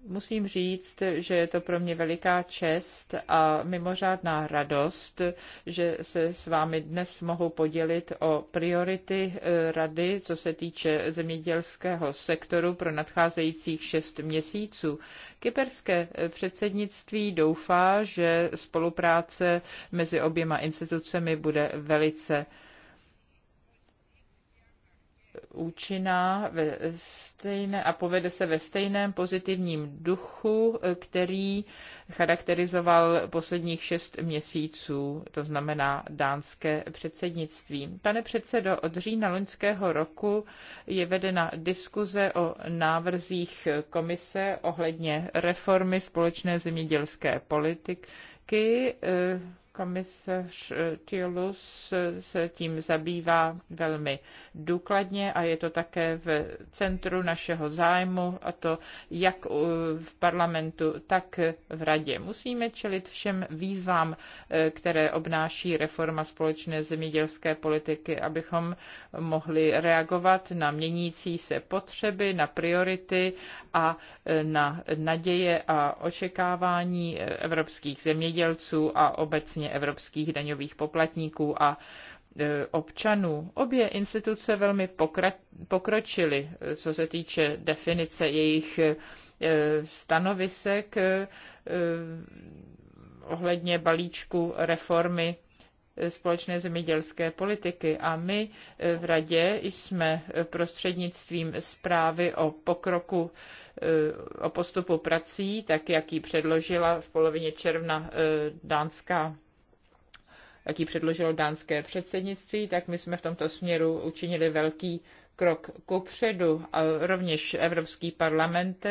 Musím říct, že je to pro mě veliká čest a mimořádná radost, že se s vámi dnes mohu podělit o priority eh, rady, co se týče zemědělského sektoru pro nadcházejících šest měsíců. Kyperské eh, předsednictví doufá, že spolupráce mezi oběma institucemi bude velice účinná ve stejné, a povede se ve stejném pozitivním duchu, který charakterizoval posledních šest měsíců, to znamená dánské předsednictví. Pane předsedo, od října loňského roku je vedena diskuze o návrzích komise ohledně reformy společné zemědělské politiky, eh, Komisař eh, Tiolus eh, se tím zabývá velmi důkladně a je to také v centru našeho zájmu, a to jak v parlamentu, tak v radě. Musíme čelit všem výzvám, eh, které obnáší reforma společné zemědělské politiky, abychom mohli reagovat na měnící se potřeby, na priority a na naděje a očekávání evropských zemědělců a obecně vlastně evropských daňových poplatníků a e, občanů. Obě instituce velmi pokročily, co se týče definice jejich e, stanovisek e, ohledně balíčku reformy společné zemědělské politiky. A my v Radě jsme prostřednictvím zprávy o pokroku o postupu prací, tak jak ji předložila v polovině června dánská jak ji předložilo dánské předsednictví, tak my jsme v tomto směru učinili velký krok kupředu a rovněž Evropský parlament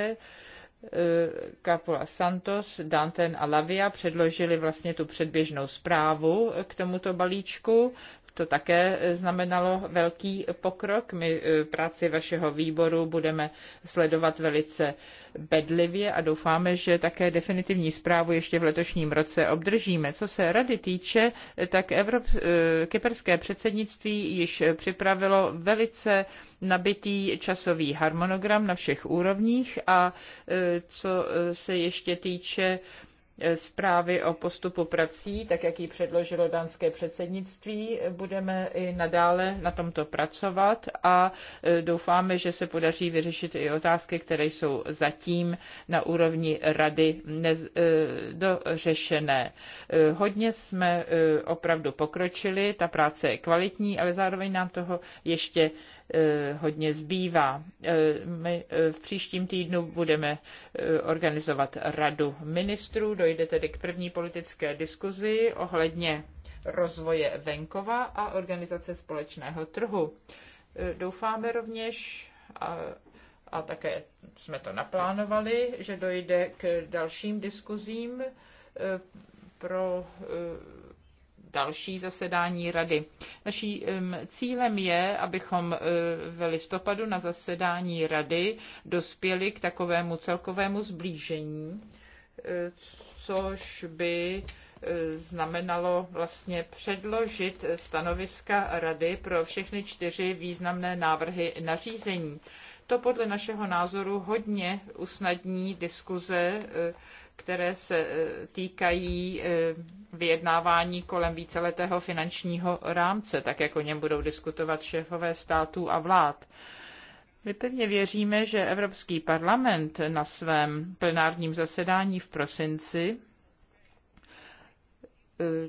Kapula eh, Santos, Danten a Lavia předložili vlastně tu předběžnou zprávu k tomuto balíčku to také znamenalo velký pokrok. My eh, práci vašeho výboru budeme sledovat velice bedlivě a doufáme, že také definitivní zprávu ještě v letošním roce obdržíme. Co se rady týče, tak Evrops- eh, kyperské předsednictví již připravilo velice nabitý časový harmonogram na všech úrovních a eh, co se ještě týče zprávy o postupu prací, tak jak ji předložilo dánské předsednictví. Budeme i nadále na tomto pracovat a e, doufáme, že se podaří vyřešit i otázky, které jsou zatím na úrovni rady e, dořešené. E, hodně jsme opravdu pokročili, ta práce je kvalitní, ale zároveň nám toho ještě Eh, hodně zbývá. Eh, my eh, v příštím týdnu budeme organizovat radu ministrů, dojde tedy k první politické diskuzi ohledně rozvoje venkova a organizace společného trhu. Doufáme rovněž, a, a také jsme to naplánovali, že dojde k dalším diskuzím pro další zasedání rady. Naším cílem je, abychom eh, v listopadu na zasedání rady dospěli k takovému celkovému zblížení, eh, což by eh, znamenalo vlastně předložit stanoviska rady pro všechny čtyři významné návrhy nařízení. To podle našeho názoru hodně usnadní diskuze které se e, týkají e, vyjednávání kolem víceletého finančního rámce, tak jako něm budou diskutovat šéfové států a vlád. My pevně věříme, že Evropský parlament na svém plenárním zasedání v prosinci e,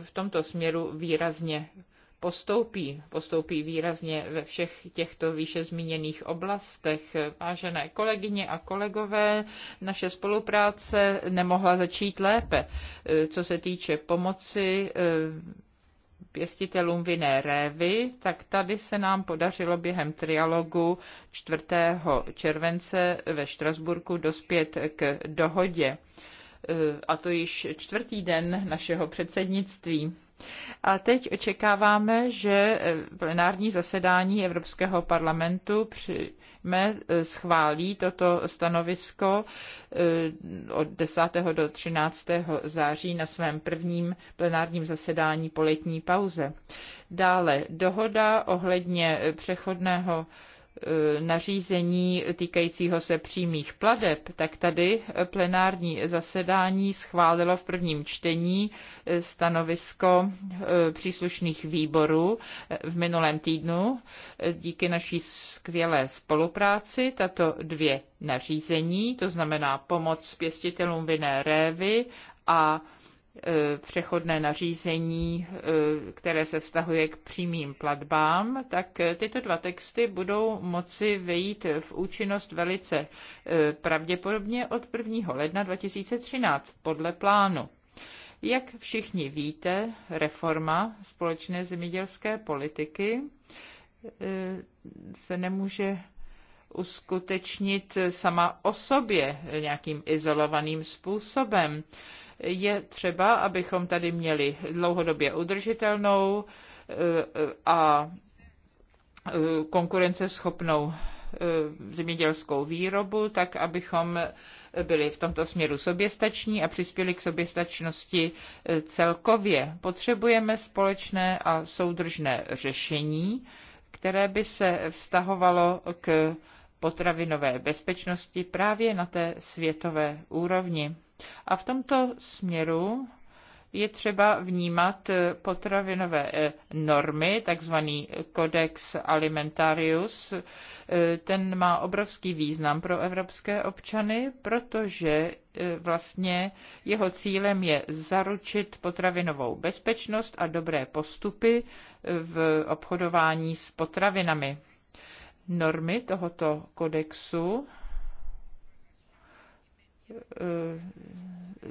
v tomto směru výrazně postoupí. Postoupí výrazně ve všech těchto výše zmíněných oblastech. Vážené kolegyně a kolegové, naše spolupráce nemohla začít lépe. Co se týče pomoci eh, pěstitelům vinné révy, tak tady se nám podařilo během trialogu 4. července ve Štrasburku dospět k dohodě. Eh, a to již čtvrtý den našeho předsednictví. A teď očekáváme, že eh, plenární zasedání Evropského parlamentu přijme, eh, schválí toto stanovisko eh, od 10. do 13. září na svém prvním plenárním zasedání po letní pauze. Dále dohoda ohledně přechodného Eh, nařízení týkajícího se přímých pladeb, tak tady plenární zasedání schválilo v prvním čtení eh, stanovisko eh, příslušných výborů v minulém týdnu. Díky naší skvělé spolupráci tato dvě nařízení, to znamená pomoc pěstitelům vinné révy a E, přechodné nařízení, e, které se vztahuje k přímým platbám, tak e, tyto dva texty budou moci vejít v účinnost velice pravděpodobně od 1. ledna 2013 podle plánu. Jak všichni víte, reforma společné zemědělské politiky se nemůže uskutečnit sama o sobě nějakým izolovaným způsobem je třeba, abychom tady měli dlouhodobě udržitelnou eh, a eh, konkurenceschopnou eh, zemědělskou výrobu, tak abychom byli v tomto směru soběstační a přispěli k soběstačnosti celkově. Potřebujeme společné a soudržné řešení, které by se vztahovalo k potravinové bezpečnosti právě na té světové úrovni. A v tomto směru je třeba vnímat potravinové eh, normy, takzvaný kodex alimentarius. Eh, ten má obrovský význam pro evropské občany, protože eh, vlastně jeho cílem je zaručit potravinovou bezpečnost a dobré postupy v obchodování s potravinami. Normy tohoto kodexu Eh,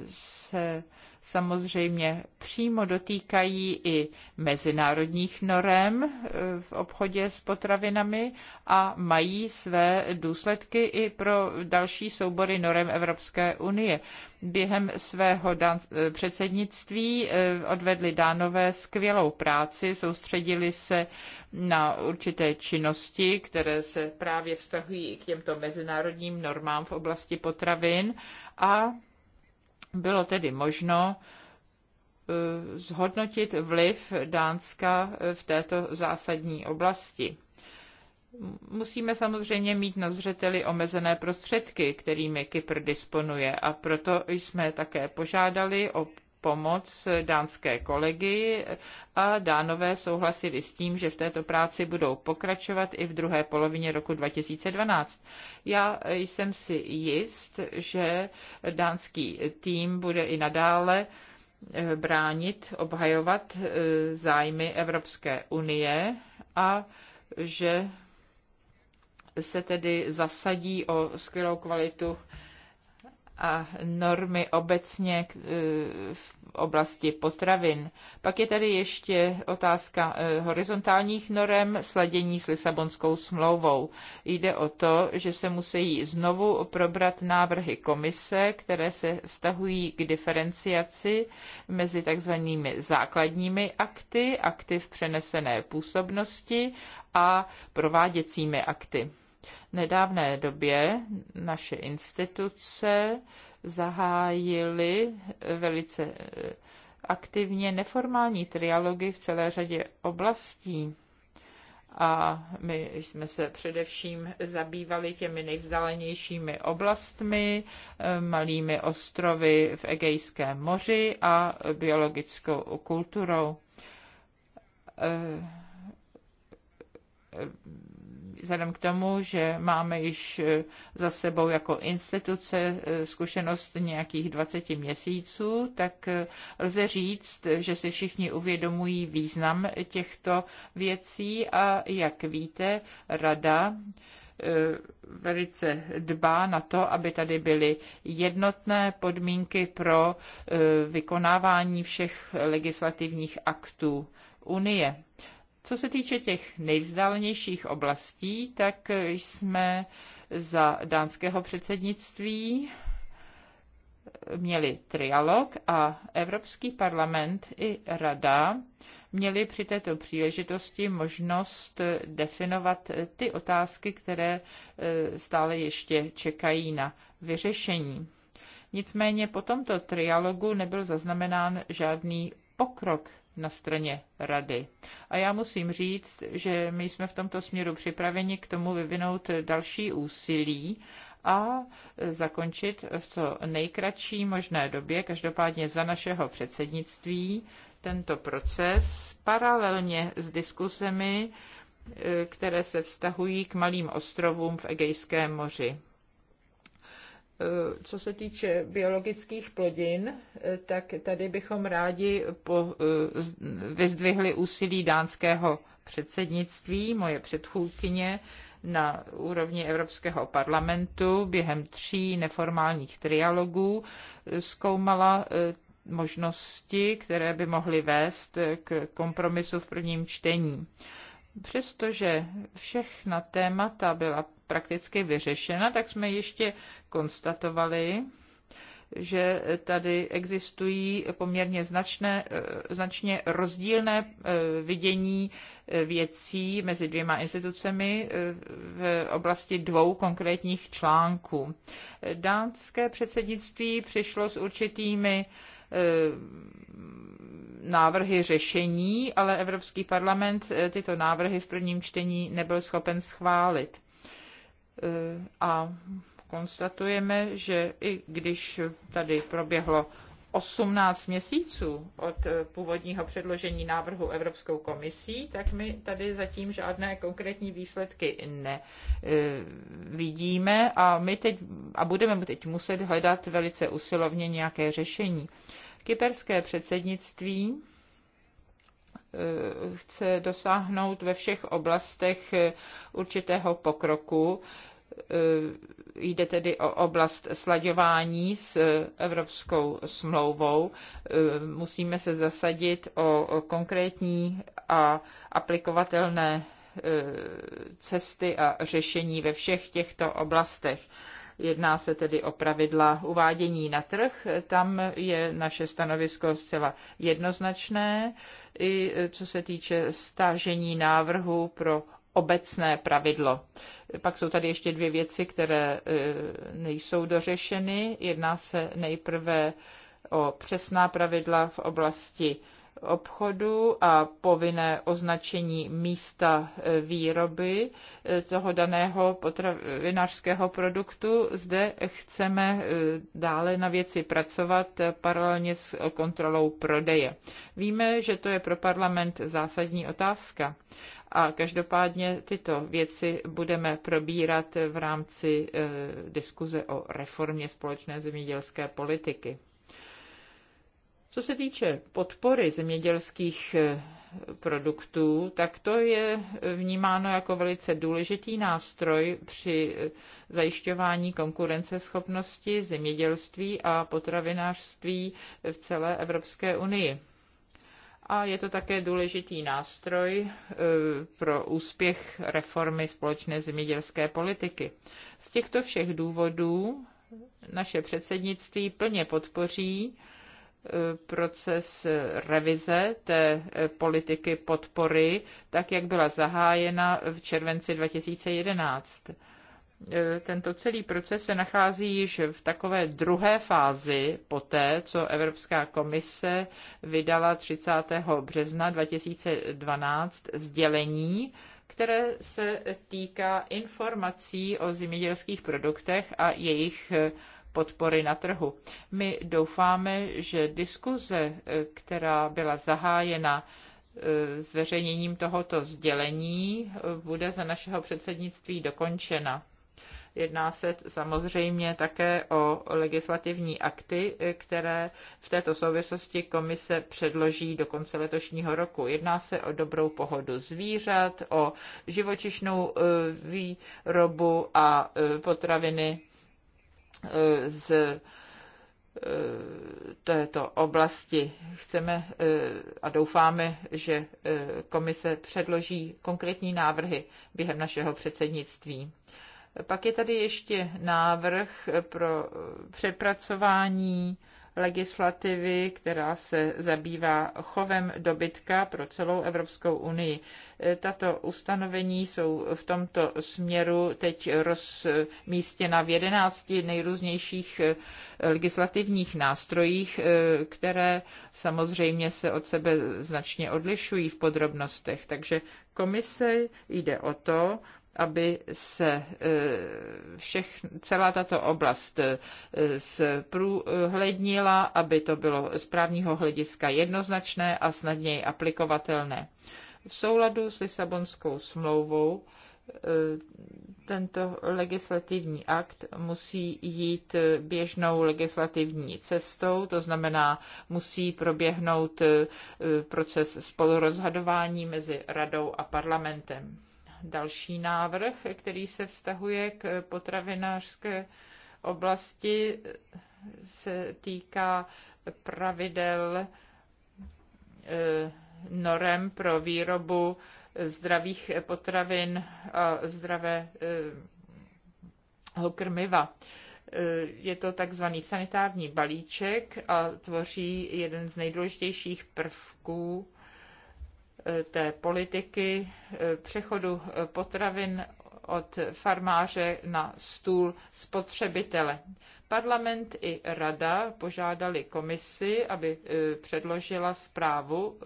se samozřejmě přímo dotýkají i mezinárodních norem eh, v obchodě s potravinami a mají své důsledky i pro další soubory norem Evropské unie. Během svého eh, předsednictví eh, odvedli dánové skvělou práci, soustředili se na určité činnosti, které se právě vztahují i k těmto mezinárodním normám v oblasti potravin a bylo tedy možno eh, zhodnotit vliv Dánska eh, v této zásadní oblasti. Musíme samozřejmě mít na zřeteli omezené prostředky, kterými Kypr disponuje a proto jsme také požádali o pomoc dánské kolegy a dánové souhlasili s tím, že v této práci budou pokračovat i v druhé polovině roku 2012. Já jsem si jist, že dánský tým bude i nadále eh, bránit, obhajovat eh, zájmy Evropské unie a že se tedy zasadí o skvělou kvalitu a normy obecně e, v oblasti potravin. Pak je tady ještě otázka e, horizontálních norem sladění s Lisabonskou smlouvou. Jde o to, že se musí znovu probrat návrhy komise, které se vztahují k diferenciaci mezi takzvanými základními akty, akty v přenesené působnosti a prováděcími akty nedávné době naše instituce zahájily velice eh, aktivně neformální trialogy v celé řadě oblastí. A my jsme se především zabývali těmi nejvzdálenějšími oblastmi, eh, malými ostrovy v Egejském moři a biologickou kulturou eh, vzhledem k tomu, že máme již e, za sebou jako instituce e, zkušenost nějakých 20 měsíců, tak e, lze říct, že se všichni uvědomují význam těchto věcí a jak víte, rada velice dbá na to, aby tady byly jednotné podmínky pro vykonávání všech legislativních aktů Unie. Co se týče těch nejvzdálenějších oblastí, tak jsme za dánského předsednictví měli trialog a Evropský parlament i rada měli při této příležitosti možnost definovat ty otázky, které e, stále ještě čekají na vyřešení. Nicméně po tomto trialogu nebyl zaznamenán žádný pokrok na straně rady. A já musím říct, že my jsme v tomto směru připraveni k tomu vyvinout další úsilí a zakončit v co nejkratší možné době, každopádně za našeho předsednictví, tento proces paralelně s diskusemi, eh, které se vztahují k malým ostrovům v Egejském moři. Eh, co se týče biologických plodin, eh, tak tady bychom rádi po, eh, vyzdvihli úsilí dánského předsednictví, moje předchůdkyně, na úrovni Evropského parlamentu během tří neformálních trialogů zkoumala možnosti, které by mohly vést k kompromisu v prvním čtení přestože všechna témata byla prakticky vyřešena, tak jsme ještě konstatovali, že tady existují poměrně značné, značně rozdílné e, vidění e, věcí mezi dvěma institucemi e, v oblasti dvou konkrétních článků. Dánské předsednictví přišlo s určitými Eh, návrhy řešení, ale Evropský parlament eh, tyto návrhy v prvním čtení nebyl schopen schválit. Eh, a konstatujeme, že i když tady proběhlo 18 měsíců od eh, původního předložení návrhu Evropskou komisí, tak my tady zatím žádné konkrétní výsledky nevidíme eh, a my teď a budeme teď muset hledat velice usilovně nějaké řešení. Kyperské předsednictví eh, chce dosáhnout ve všech oblastech určitého pokroku E, jde tedy o oblast slaďování s Evropskou smlouvou. E, musíme se zasadit o konkrétní a aplikovatelné e, cesty a řešení ve všech těchto oblastech. Jedná se tedy o pravidla uvádění na trh. Tam je naše stanovisko zcela jednoznačné, i co se týče stážení návrhu pro obecné pravidlo. Pak jsou tady ještě dvě věci, které e, nejsou dořešeny. Jedná se nejprve o přesná pravidla v oblasti obchodu a povinné označení místa e, výroby e, toho daného potravinářského produktu. Zde chceme dále na věci pracovat paralelně s kontrolou prodeje. Víme, že to je pro parlament zásadní otázka. A každopádně tyto věci budeme probírat v rámci eh, diskuze o reformě společné zemědělské politiky. Co se týče podpory zemědělských eh, produktů, tak to je eh, vnímáno jako velice důležitý nástroj při zajišťování konkurenceschopnosti zemědělství a potravinářství v celé Evropské unii a je to také důležitý nástroj e, pro úspěch reformy společné zemědělské politiky. Z těchto všech důvodů naše předsednictví plně podpoří e, proces revize té e, politiky podpory, tak jak byla zahájena v červenci 2011. E, tento celý proces se nachází již v takové druhé fázi poté, co Evropská komise vydala 30. března 2012 sdělení, které se týká informací o zemědělských produktech a jejich e, podpory na trhu. My doufáme, že diskuze, e, která byla zahájena zveřejněním tohoto sdělení, bude za našeho předsednictví dokončena. Jedná se samozřejmě také o legislativní akty, které v této souvislosti komise předloží do konce letošního roku. Jedná se o dobrou pohodu zvířat, o živočišnou eh, výrobu a eh, potraviny eh, z této oblasti. Chceme a doufáme, že komise předloží konkrétní návrhy během našeho předsednictví. Pak je tady ještě návrh pro eh, přepracování legislativy, která se zabývá chovem dobytka pro celou Evropskou unii. Eh, tato ustanovení jsou v tomto směru teď rozmístěna v jedenácti nejrůznějších eh, legislativních nástrojích, které samozřejmě se od sebe značně odlišují v podrobnostech. Takže komise jde o to, aby se e, všech, celá tato oblast e, zprůhlednila, aby to bylo z právního hlediska jednoznačné a snadněji aplikovatelné. V souladu s Lisabonskou smlouvou e, tento legislativní akt musí jít běžnou legislativní cestou, to znamená, musí proběhnout proces spolurozhodování mezi radou a parlamentem další návrh, který se vztahuje k potravinářské oblasti, se týká pravidel eh, norem pro výrobu zdravých potravin a zdravé eh, krmiva. Eh, je to takzvaný sanitární balíček a tvoří jeden z nejdůležitějších prvků té politiky eh, přechodu eh, potravin od farmáře na stůl spotřebitele. Parlament i rada požádali komisi, aby eh, předložila zprávu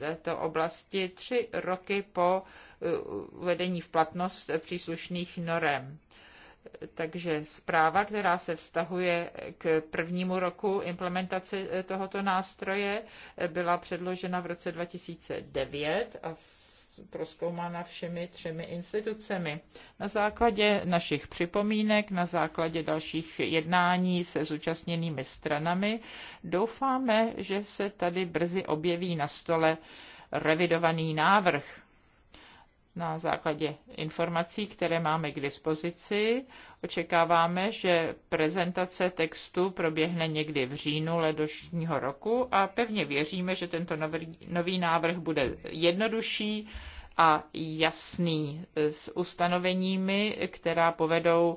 této oblasti tři roky po uvedení v platnost příslušných norem. Takže zpráva, která se vztahuje k prvnímu roku implementace eh, tohoto nástroje, eh, byla předložena v roce 2009 a proskoumána všemi třemi institucemi. Na základě našich připomínek, na základě dalších jednání se zúčastněnými stranami, doufáme, že se tady brzy objeví na stole revidovaný návrh na základě informací, které máme k dispozici. Očekáváme, že prezentace textu proběhne někdy v říjnu letošního roku a pevně věříme, že tento nový, nový návrh bude jednodušší a jasný s ustanoveními, která povedou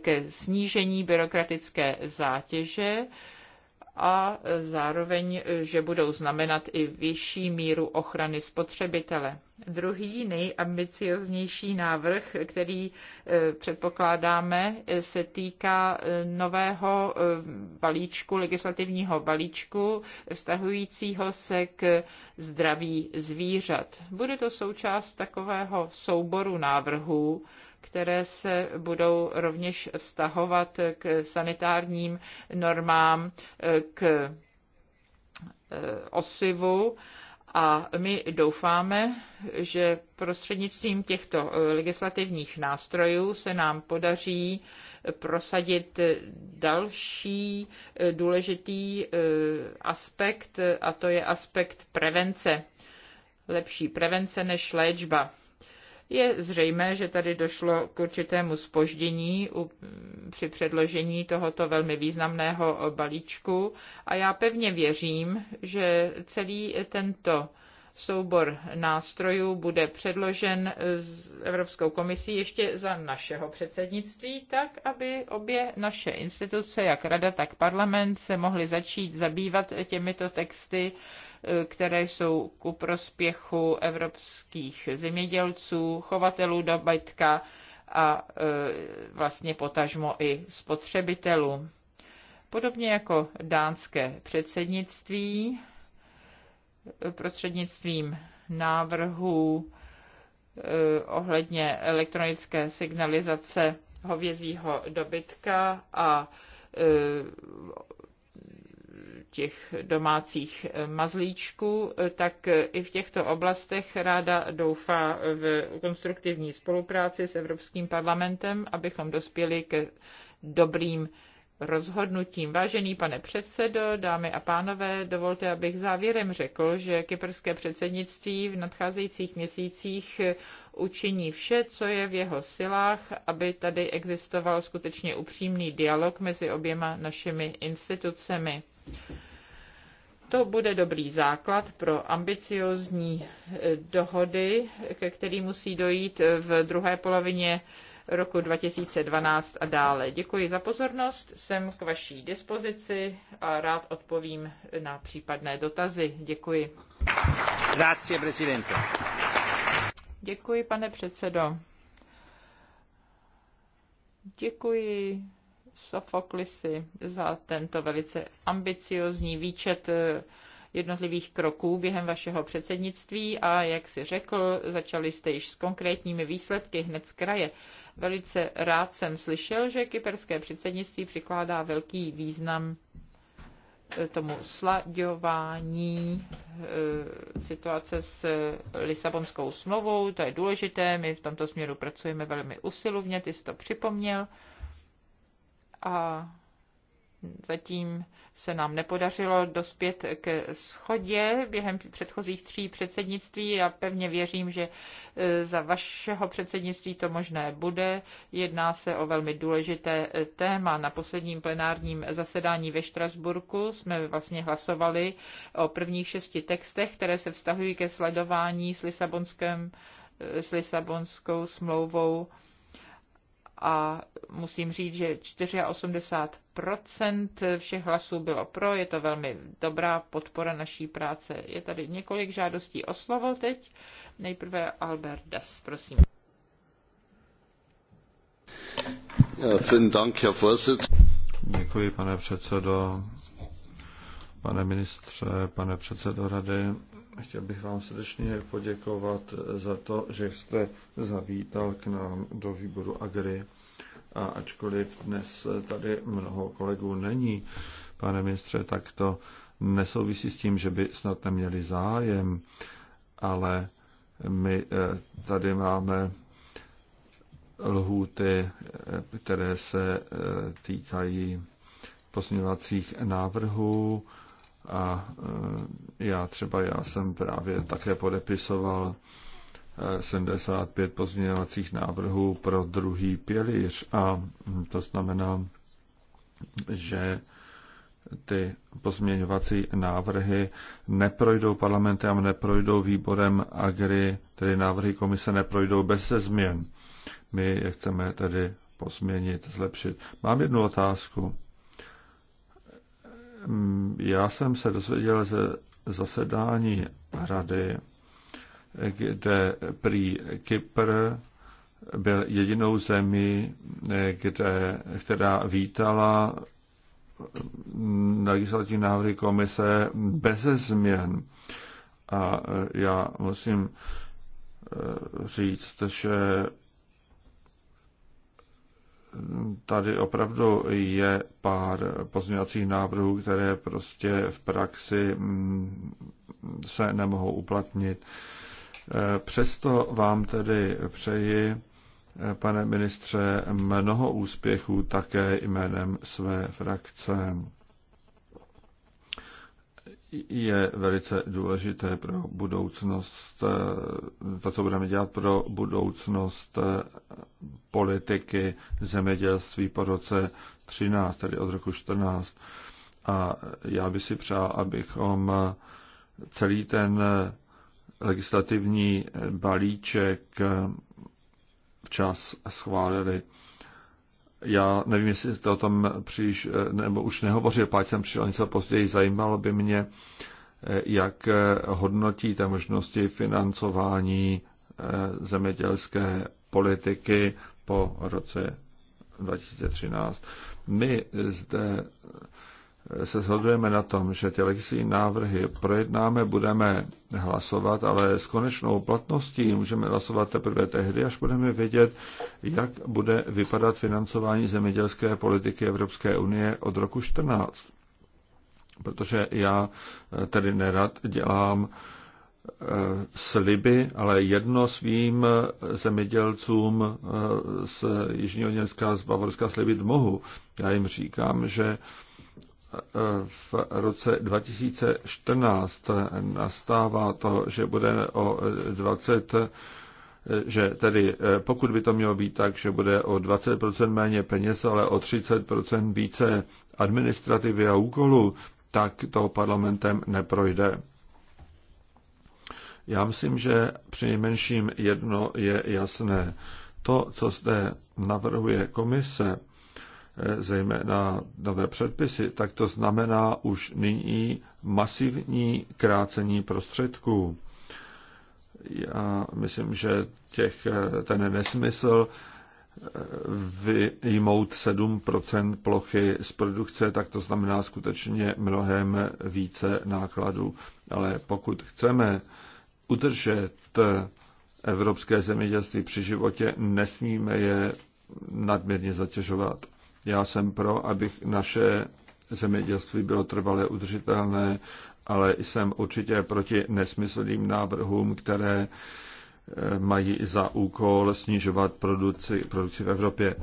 ke snížení byrokratické zátěže a zároveň, že budou znamenat i vyšší míru ochrany spotřebitele. Druhý nejambicioznější návrh, který eh, předpokládáme, se týká eh, nového eh, balíčku, legislativního balíčku, vztahujícího se k zdraví zvířat. Bude to součást takového souboru návrhů, které se budou rovněž vztahovat k sanitárním normám, k eh, osivu. A my doufáme, že prostřednictvím těchto eh, legislativních nástrojů se nám podaří eh, prosadit další důležitý aspekt, a to je aspekt prevence. Lepší prevence než léčba. Je zřejmé, že tady došlo k určitému spoždění při předložení tohoto velmi významného balíčku a já pevně věřím, že celý tento soubor nástrojů bude předložen s Evropskou komisí ještě za našeho předsednictví, tak aby obě naše instituce, jak Rada, tak parlament, se mohly začít zabývat těmito texty které jsou ku prospěchu evropských zemědělců, chovatelů dobytka a e, vlastně potažmo i spotřebitelů. Podobně jako dánské předsednictví, prostřednictvím návrhů e, ohledně elektronické signalizace hovězího dobytka a e, těch domácích eh, mazlíčků, eh, tak eh, i v těchto oblastech ráda doufá v konstruktivní spolupráci s Evropským parlamentem, abychom dospěli k dobrým rozhodnutím. Vážený pane předsedo, dámy a pánové, dovolte, abych závěrem řekl, že kyperské předsednictví v nadcházejících měsících učiní vše, co je v jeho silách, aby tady existoval skutečně upřímný dialog mezi oběma našimi institucemi. To bude dobrý základ pro ambiciozní eh, dohody, ke kterým musí dojít v druhé polovině roku 2012 a dále. Děkuji za pozornost, jsem k vaší dispozici a rád odpovím na případné dotazy. Děkuji.
Grazie, presidente.
Děkuji, pane předsedo. Děkuji Sofoklisi za tento velice ambiciozní výčet eh, jednotlivých kroků během vašeho předsednictví a, jak si řekl, začali jste již s konkrétními výsledky hned z kraje. Velice rád jsem slyšel, že kyperské předsednictví přikládá velký význam eh, tomu sladěvání eh, situace s Lisabonskou smlouvou. To je důležité, my v tomto směru pracujeme velmi usilovně, ty jsi to připomněl. A Zatím se nám nepodařilo dospět k schodě během předchozích tří předsednictví. Já pevně věřím, že e, za vašeho předsednictví to možné bude. Jedná se o velmi důležité e, téma. Na posledním plenárním zasedání ve Štrasburku jsme vlastně hlasovali o prvních šesti textech, které se vztahují ke sledování s, e, s Lisabonskou smlouvou a musím říct, že 84% všech hlasů bylo pro, je to velmi dobrá podpora naší práce. Je tady několik žádostí o slovo teď. Nejprve Albert Das, prosím.
Děkuji, pane předsedo, pane ministře, pane předsedo rady. Chtěl bych vám srdečně poděkovat za to, že jste zavítal k nám do výboru Agri. A ačkoliv dnes tady mnoho kolegů není, pane ministře, tak to nesouvisí s tím, že by snad neměli zájem, ale my eh, tady máme lhůty, eh, které se eh, týkají pozměňovacích návrhů a e, já třeba, já jsem právě také podepisoval 75 e, pozměňovacích návrhů pro druhý pilíř a to znamená, že ty pozměňovací návrhy neprojdou parlamentem, neprojdou výborem agri, tedy návrhy komise neprojdou bez změn. My je chceme tedy pozměnit, zlepšit. Mám jednu otázku. Mm, já jsem se dozvěděl ze zasedání rady, kde prý Kypr byl jedinou zemí, kde, která vítala legislativní návrhy komise bez změn. A já musím eh, říct, že tady opravdu je pár pozměňovacích návrhů, které prostě v praxi mm, se nemohou uplatnit. Eh, přesto vám tedy přeji, eh, pane ministře, mnoho úspěchů také jménem své frakce je velice důležité pro budoucnost, eh, to, co budeme dělat pro budoucnost eh, politiky zemědělství po roce 13, tedy od roku 14. A já bych si přál, abychom eh, celý ten legislativní balíček včas schválili. Já nevím, jestli jste o tom příliš, eh, nebo už nehovořil, pak jsem přišel něco později, zajímalo by mě, eh, jak eh, hodnotíte možnosti financování zemědělské politiky po roce 2013. My zde se shodujeme na tom, že ty legislativní návrhy projednáme, budeme hlasovat, ale s konečnou platností můžeme hlasovat teprve tehdy, až budeme vědět, jak bude vypadat financování zemědělské politiky Evropské unie od roku 14. Protože já eh, tedy nerad dělám eh, sliby, ale jedno svým eh, zemědělcům z Jižního Německa, z Bavorska slibit mohu. Já jim říkám, že v roce 2014 nastává to, že bude o 20 že tedy pokud by to mělo být tak, že bude o 20% méně peněz, ale o 30% více administrativy a úkolů, tak to parlamentem neprojde. Já myslím, že při nejmenším jedno je jasné. To, co zde navrhuje komise, Eh, zejména nové předpisy, tak to znamená už nyní masivní krácení prostředků. Já myslím, že těch, eh, ten nesmysl eh, vyjmout 7 plochy z produkce, tak to znamená skutečně mnohem více nákladů. Ale pokud chceme udržet evropské zemědělství při životě, nesmíme je nadměrně zatěžovat. Já jsem pro, abych naše zemědělství bylo trvalé, udržitelné, ale jsem určitě proti nesmyslným návrhům, které eh, mají za úkol snižovat produkci, produkci v Evropě.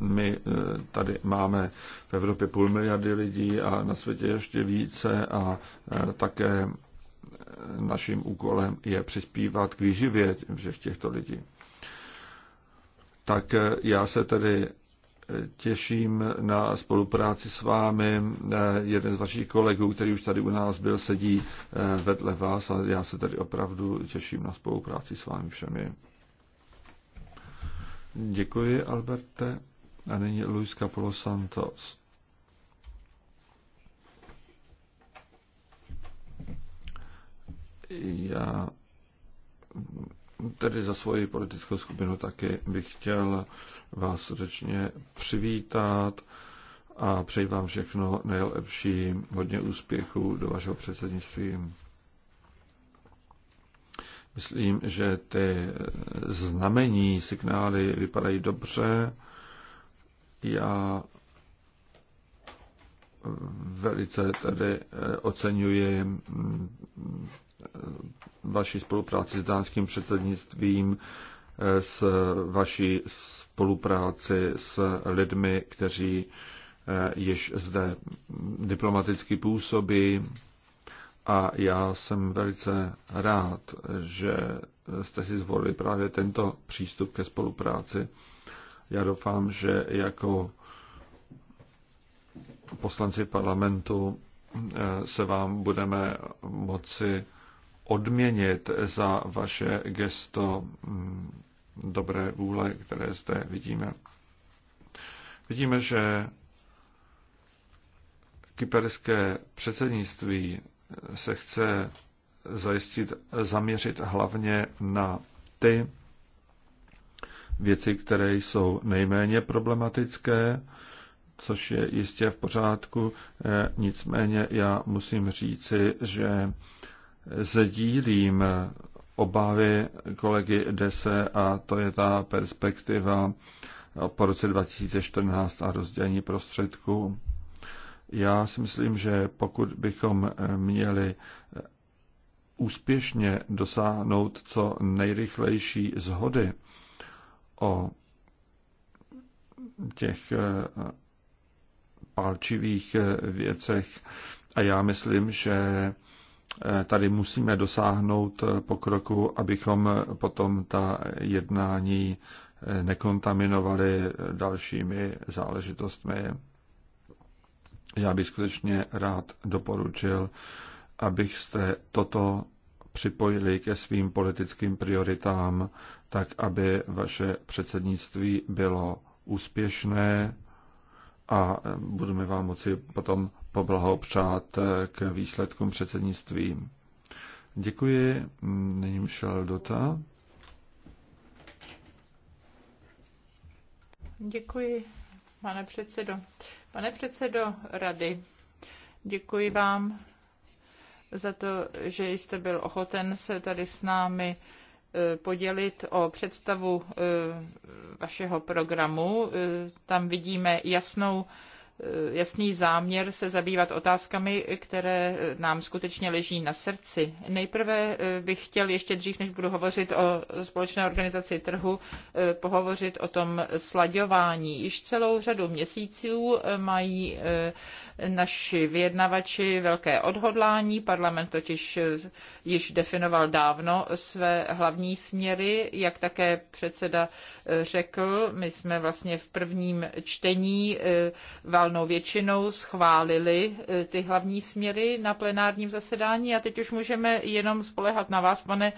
My eh, tady máme v Evropě půl miliardy lidí a na světě ještě více a eh, také naším úkolem je přispívat k výživě všech těchto lidí tak eh, já se tedy eh, těším na spolupráci s vámi. Eh, jeden z vašich kolegů, který už tady u nás byl, sedí vedle vás a já se tady opravdu těším na spolupráci s vámi všemi. Děkuji, Alberte. A nyní Luis Capolo Santos. Já tedy za svoji politickou skupinu taky bych chtěl vás srdečně přivítat a přeji vám všechno nejlepší, hodně úspěchů do vašeho předsednictví. Myslím, že ty znamení, signály vypadají dobře. Já velice tady eh, oceňuji Eh, vaší spolupráci s dánským předsednictvím, eh, s vaší spolupráci s lidmi, kteří eh, již zde diplomaticky působí. A já jsem velice rád, že jste si zvolili právě tento přístup ke spolupráci. Já doufám, že jako poslanci parlamentu se vám budeme moci odměnit za vaše gesto mm, dobré vůle, které zde vidíme. Vidíme, že kyperské předsednictví se chce zajistit, zaměřit hlavně na ty věci, které jsou nejméně problematické, což je jistě v pořádku. Eh, nicméně já musím říci, že sdílím obavy kolegy Dese a to je ta perspektiva po roce 2014 a rozdělení prostředků. Já si myslím, že pokud bychom měli úspěšně dosáhnout co nejrychlejší zhody o těch eh, palčivých eh, věcech, a já myslím, že Eh, tady musíme dosáhnout eh, pokroku, abychom potom ta jednání eh, nekontaminovali dalšími záležitostmi. Já bych skutečně rád doporučil, abyste toto připojili ke svým politickým prioritám, tak aby vaše předsednictví bylo úspěšné a budeme vám moci potom poblahopřát eh, k výsledkům předsednictví. Děkuji. Nyní Michel Dota.
Děkuji, pane předsedo. Pane předsedo rady, děkuji vám za to, že jste byl ochoten se tady s námi eh, podělit o představu eh, vašeho programu. Tam vidíme jasnou Eh, jasný záměr se zabývat otázkami, které eh, nám skutečně leží na srdci. Nejprve eh, bych chtěl ještě dřív, než budu hovořit o společné organizaci trhu, pohovořit o tom slaďování. Již celou řadu měsíců mají naši vyjednavači velké odhodlání. Parlament totiž již definoval dávno své hlavní směry, jak také předseda řekl. My jsme vlastně v prvním čtení val valnou většinou schválili e, ty hlavní směry na plenárním zasedání a teď už můžeme jenom spolehat na vás, pane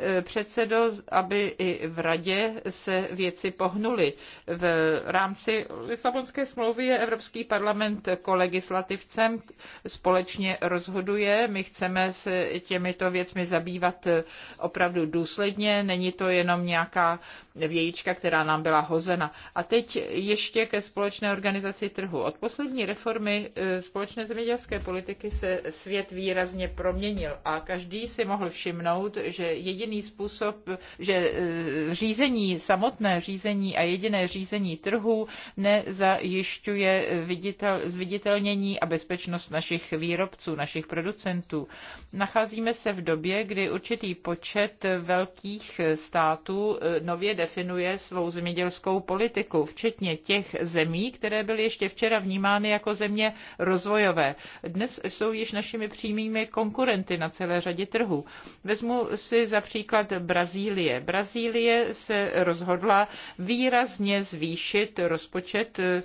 Eh, předsedo, aby i v radě se věci pohnuly. V rámci Lisabonské smlouvy je Evropský parlament kolegislativcem, společně rozhoduje. My chceme se těmito věcmi zabývat eh, opravdu důsledně, není to jenom nějaká vějíčka, která nám byla hozena. A teď ještě ke společné organizaci trhu. Od poslední reformy eh, společné zemědělské politiky se svět výrazně proměnil a každý si mohl všimnout, že jediný jediný způsob, že e, řízení, samotné řízení a jediné řízení trhu nezajišťuje viditel, zviditelnění a bezpečnost našich výrobců, našich producentů. Nacházíme se v době, kdy určitý počet velkých států e, nově definuje svou zemědělskou politiku, včetně těch zemí, které byly ještě včera vnímány jako země rozvojové. Dnes jsou již našimi přímými konkurenty na celé řadě trhů. Vezmu si za příklad příklad Brazílie. Brazílie se rozhodla výrazně zvýšit rozpočet eh,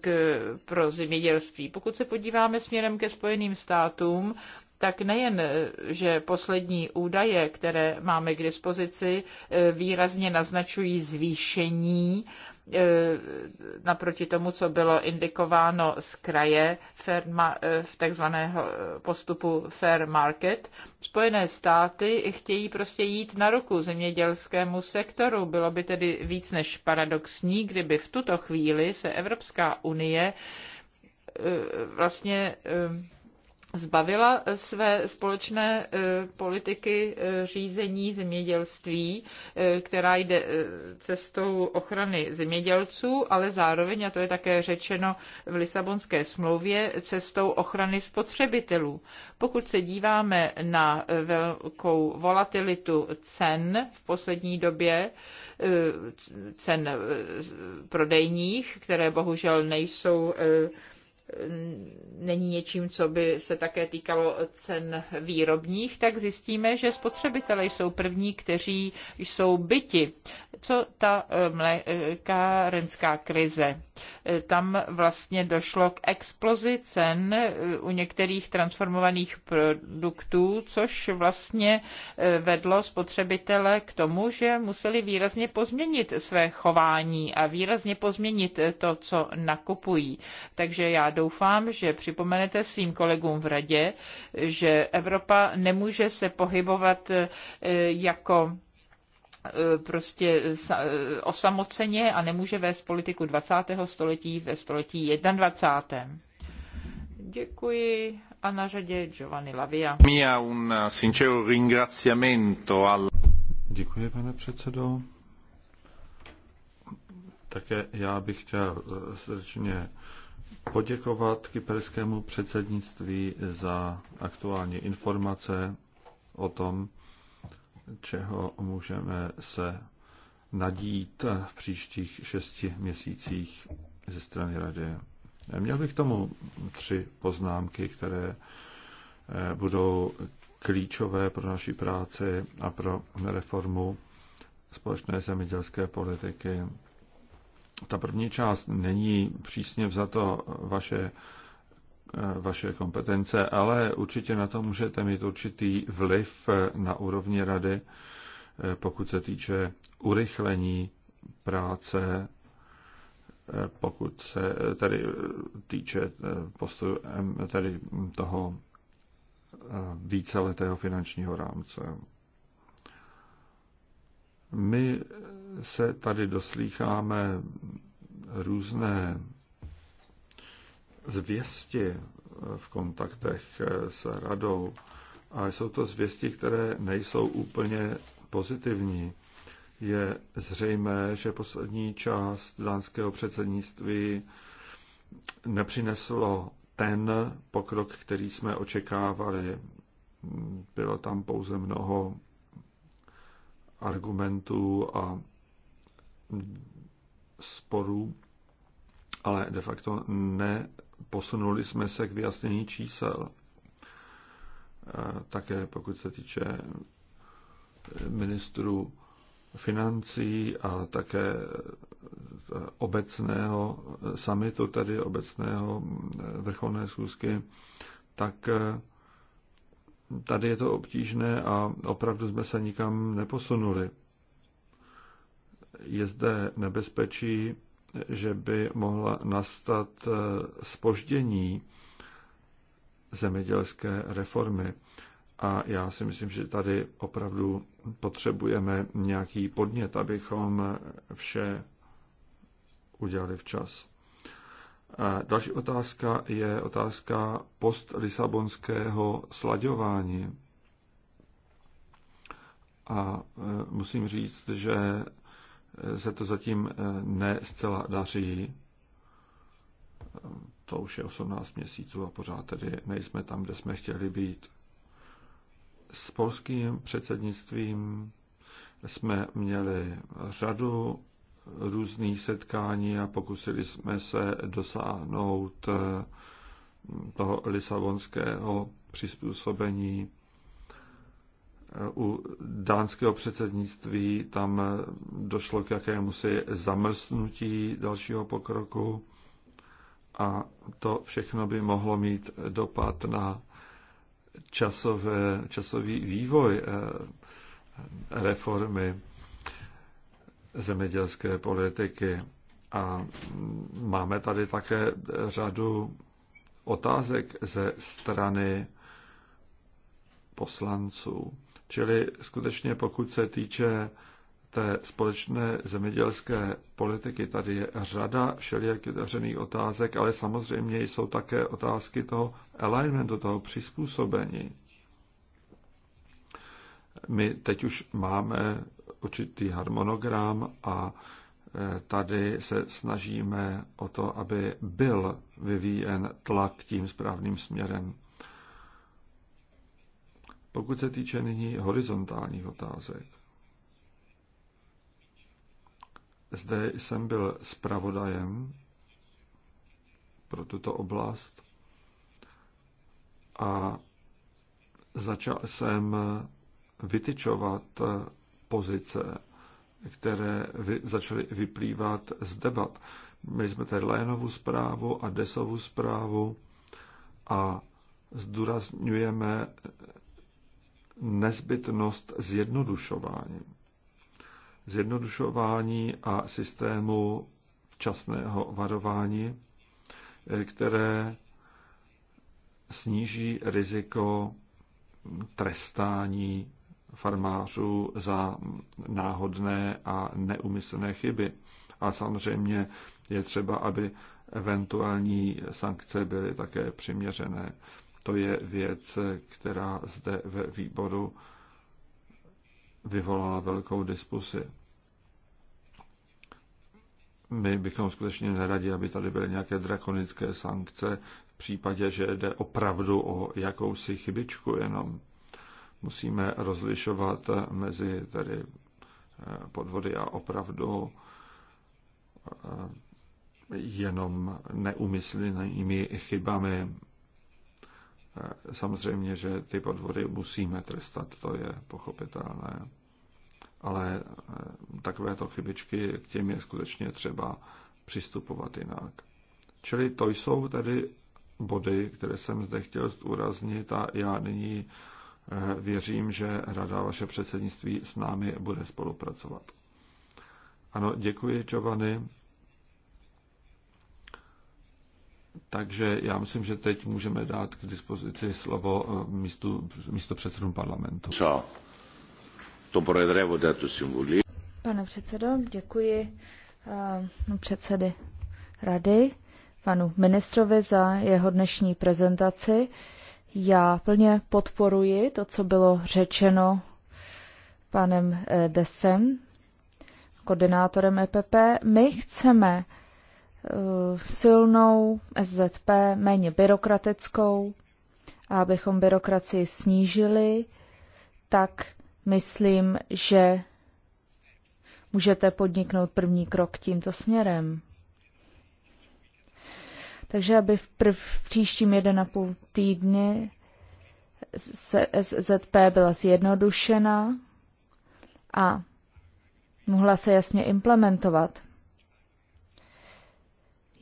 k, pro zemědělství. Pokud se podíváme směrem ke Spojeným státům, tak nejen, eh, že poslední údaje, které máme k dispozici, eh, výrazně naznačují zvýšení E, naproti tomu, co bylo indikováno z kraje e, v takzvaného e, postupu fair market. Spojené státy chtějí prostě jít na ruku zemědělskému sektoru. Bylo by tedy víc než paradoxní, kdyby v tuto chvíli se Evropská unie vlastně zbavila své společné e, politiky e, řízení zemědělství, e, která jde cestou ochrany zemědělců, ale zároveň, a to je také řečeno v Lisabonské smlouvě, cestou ochrany spotřebitelů. Pokud se díváme na velkou volatilitu cen v poslední době, cen prodejních, které bohužel nejsou není něčím, co by se také týkalo cen výrobních, tak zjistíme, že spotřebitelé jsou první, kteří jsou byti. Co ta eh, mlékárenská krize? Eh, tam vlastně došlo k explozi cen eh, u některých transformovaných produktů, což vlastně eh, vedlo spotřebitele k tomu, že museli výrazně pozměnit své chování a výrazně pozměnit to, co nakupují. Takže já doufám, že připomenete svým kolegům v radě, že Evropa nemůže se pohybovat jako Eh, prostě eh, eh, osamoceně a nemůže vést politiku 20. století ve století 21. Děkuji a na řadě Giovanni Lavia.
Mia un sincero ringraziamento al... Děkuji, pane předsedo. Také já bych chtěl srdečně poděkovat kyperskému předsednictví za aktuální informace o tom, čeho můžeme se nadít v příštích šesti měsících ze strany Rady. Měl bych k tomu tři poznámky, které eh, budou klíčové pro naši práci a pro reformu společné zemědělské politiky. Ta první část není přísně vzato vaše vaše kompetence, ale určitě na to můžete mít určitý vliv na úrovni rady, pokud se týče urychlení práce, pokud se tady týče eh, postoju tady toho eh, víceletého finančního rámce. My se tady doslýcháme různé zvěsti v kontaktech s radou, a jsou to zvěsti, které nejsou úplně pozitivní. Je zřejmé, že poslední část dánského předsednictví nepřineslo ten pokrok, který jsme očekávali. Bylo tam pouze mnoho argumentů a sporů, ale de facto ne posunuli jsme se k vyjasnění čísel. E, také pokud se týče ministru financí a také obecného samitu, tedy obecného vrcholné schůzky, tak e, tady je to obtížné a opravdu jsme se nikam neposunuli. Je zde nebezpečí že by mohla nastat spoždění eh, zemědělské reformy. A já si myslím, že tady opravdu potřebujeme nějaký podnět, abychom eh, vše udělali včas. A další otázka je otázka post-lisabonského slaďování. A eh, musím říct, že se to zatím eh, ne zcela daří. To už je 18 měsíců a pořád tedy nejsme tam, kde jsme chtěli být. S polským předsednictvím jsme měli řadu různých setkání a pokusili jsme se dosáhnout eh, toho lisabonského přizpůsobení u dánského předsednictví tam došlo k jakému si zamrznutí dalšího pokroku a to všechno by mohlo mít dopad na časové, časový vývoj eh, reformy zemědělské politiky. A máme tady také řadu otázek ze strany poslanců. Čili skutečně pokud se týče té společné zemědělské politiky, tady je řada všelijak otevřených otázek, ale samozřejmě jsou také otázky toho alignmentu, toho přizpůsobení. My teď už máme určitý harmonogram a e, tady se snažíme o to, aby byl vyvíjen tlak tím správným směrem. Pokud se týče nyní horizontálních otázek, zde jsem byl zpravodajem pro tuto oblast a začal jsem vytyčovat pozice, které vy, začaly vyplývat z debat. Měli jsme tady Lénovu zprávu a Desovu zprávu a zdůrazňujeme nezbytnost zjednodušování. Zjednodušování a systému včasného varování, eh, které sníží riziko trestání farmářů za náhodné a neumyslné chyby. A samozřejmě je třeba, aby eventuální sankce byly také přiměřené. To je věc, která zde ve výboru vyvolala velkou diskusi. My bychom skutečně neradi, aby tady byly nějaké drakonické sankce v případě, že jde opravdu o jakousi chybičku jenom. Musíme rozlišovat mezi tady eh, podvody a opravdu eh, jenom neumyslnými chybami Samozřejmě, že ty podvody musíme trestat, to je pochopitelné. Ale eh, takovéto chybičky, k těm je skutečně třeba přistupovat jinak. Čili to jsou tedy body, které jsem zde chtěl zúraznit a já nyní eh, věřím, že rada vaše předsednictví s námi bude spolupracovat. Ano, děkuji, čovany. Takže já myslím, že teď můžeme dát k dispozici slovo eh, místu, místo předsedům parlamentu. Co? To projedrevo této symbolí.
Pane předsedo, děkuji uh, předsedy rady, panu ministrovi za jeho dnešní prezentaci. Já plně podporuji to, co bylo řečeno panem eh, Desem, koordinátorem EPP. My chceme Eh, silnou SZP, méně byrokratickou, a abychom byrokracii snížili, tak myslím, že můžete podniknout první krok tímto směrem. Takže aby v, prv, v příštím 1,5 týdny se SZP byla zjednodušena a mohla se jasně implementovat.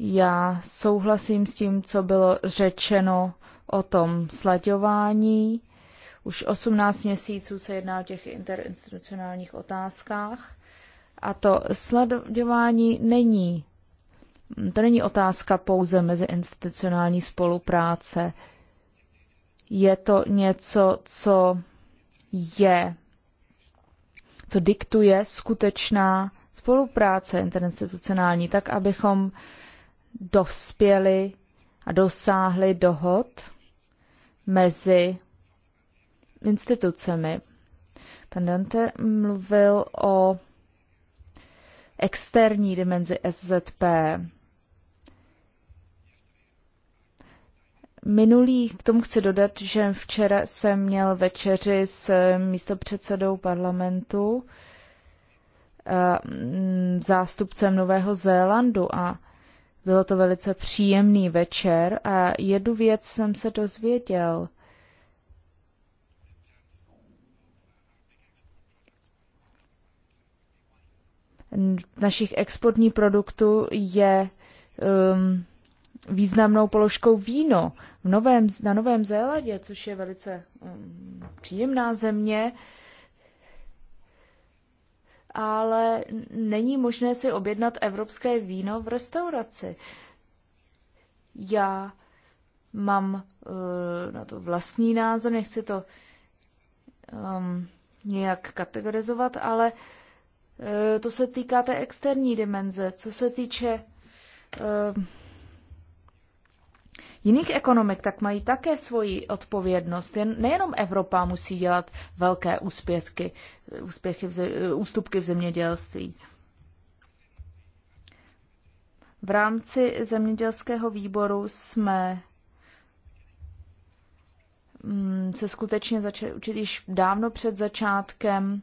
Já souhlasím s tím, co bylo řečeno o tom slaďování. Už 18 měsíců se jedná o těch interinstitucionálních otázkách. A to sledování není, to není otázka pouze mezi institucionální spolupráce. Je to něco, co je, co diktuje skutečná spolupráce interinstitucionální, tak abychom dospěli a dosáhli dohod mezi institucemi. Pan Dante mluvil o externí dimenzi SZP. Minulý, k tomu chci dodat, že včera jsem měl večeři s místopředsedou parlamentu, eh, zástupcem Nového Zélandu a bylo to velice příjemný večer a jednu věc jsem se dozvěděl. Našich exportních produktů je um, významnou položkou víno v novém, na Novém Zélandě, což je velice um, příjemná země. Uh, ale není možné si objednat evropské víno v restauraci. Já mám uh, na to vlastní názor, nechci to um, nějak kategorizovat, ale uh, to se týká té externí dimenze. Co se týče uh, jiných ekonomik, tak mají také svoji odpovědnost. Jen, nejenom Evropa musí dělat velké úspěchy, úspěchy v, ústupky v zemědělství. V rámci zemědělského výboru jsme mm, se skutečně začali učit již dávno před začátkem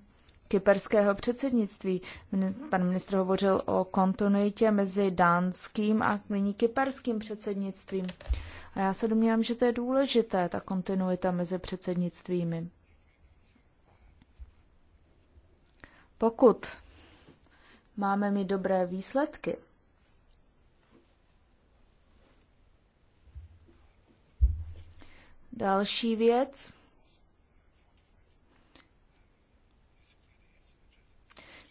kyperského předsednictví. Pan ministr hovořil o kontinuitě mezi dánským a nyní kyperským předsednictvím. A já se domnívám, že to je důležité, ta kontinuita mezi předsednictvími. Pokud máme mít dobré výsledky, Další věc,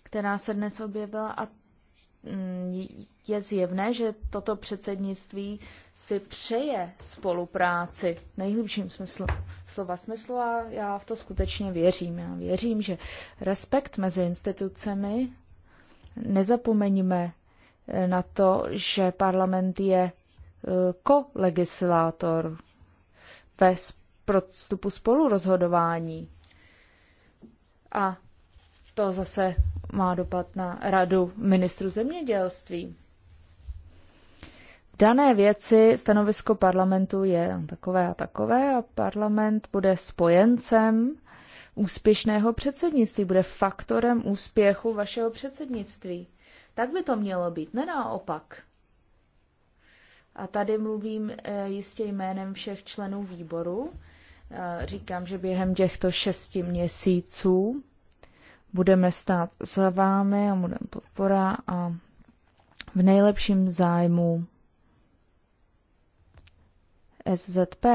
která se dnes objevila a mm, je zjevné, že toto předsednictví si přeje spolupráci v nejhlubším smyslu slova smyslu a já v to skutečně věřím. Já věřím, že respekt mezi institucemi, nezapomeníme eh, na to, že parlament je eh, kolegislátor ve prostupu spolurozhodování. A to zase má dopad na radu ministru zemědělství. V dané věci stanovisko parlamentu je takové a takové a parlament bude spojencem úspěšného předsednictví, bude faktorem úspěchu vašeho předsednictví. Tak by to mělo být, ne naopak. A tady mluvím eh, jistě jménem všech členů výboru. Eh, říkám, že během těchto šesti měsíců budeme stát za vámi a budeme podpora a v nejlepším zájmu SZP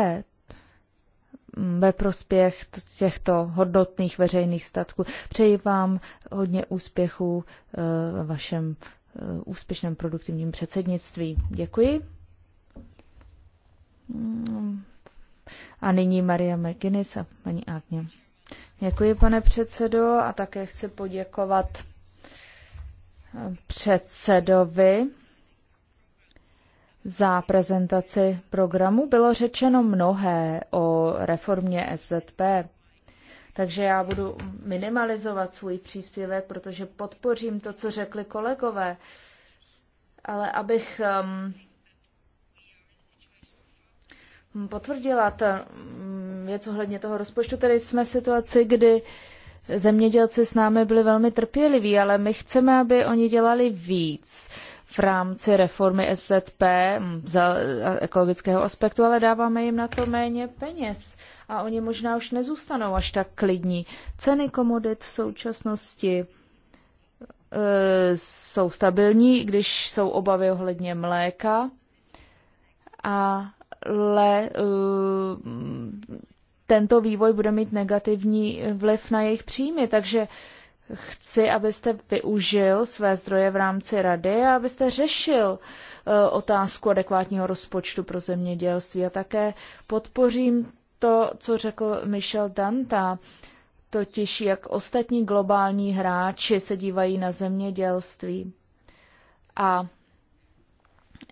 ve prospěch těchto hodnotných veřejných statků. Přeji vám hodně úspěchů eh, v vašem eh, úspěšném produktivním předsednictví. Děkuji. Mm. A nyní Maria McGuinness a paní Agně. Děkuji, pane předsedo, a také chci poděkovat eh, předsedovi za prezentaci programu. Bylo řečeno mnohé o reformě SZP, takže já budu minimalizovat svůj příspěvek, protože podpořím to, co řekli kolegové. Ale abych um, potvrdila ta mm, věc ohledně toho rozpočtu. Tady jsme v situaci, kdy zemědělci s námi byli velmi trpěliví, ale my chceme, aby oni dělali víc v rámci reformy SZP mm, za ekologického aspektu, ale dáváme jim na to méně peněz a oni možná už nezůstanou až tak klidní. Ceny komodit v současnosti e, jsou stabilní, když jsou obavy ohledně mléka a ale eh, tento vývoj bude mít negativní vliv na jejich příjmy, takže chci, abyste využil své zdroje v rámci rady a abyste řešil eh, otázku adekvátního rozpočtu pro zemědělství. A také podpořím to, co řekl Michel Danta, totiž jak ostatní globální hráči se dívají na zemědělství. A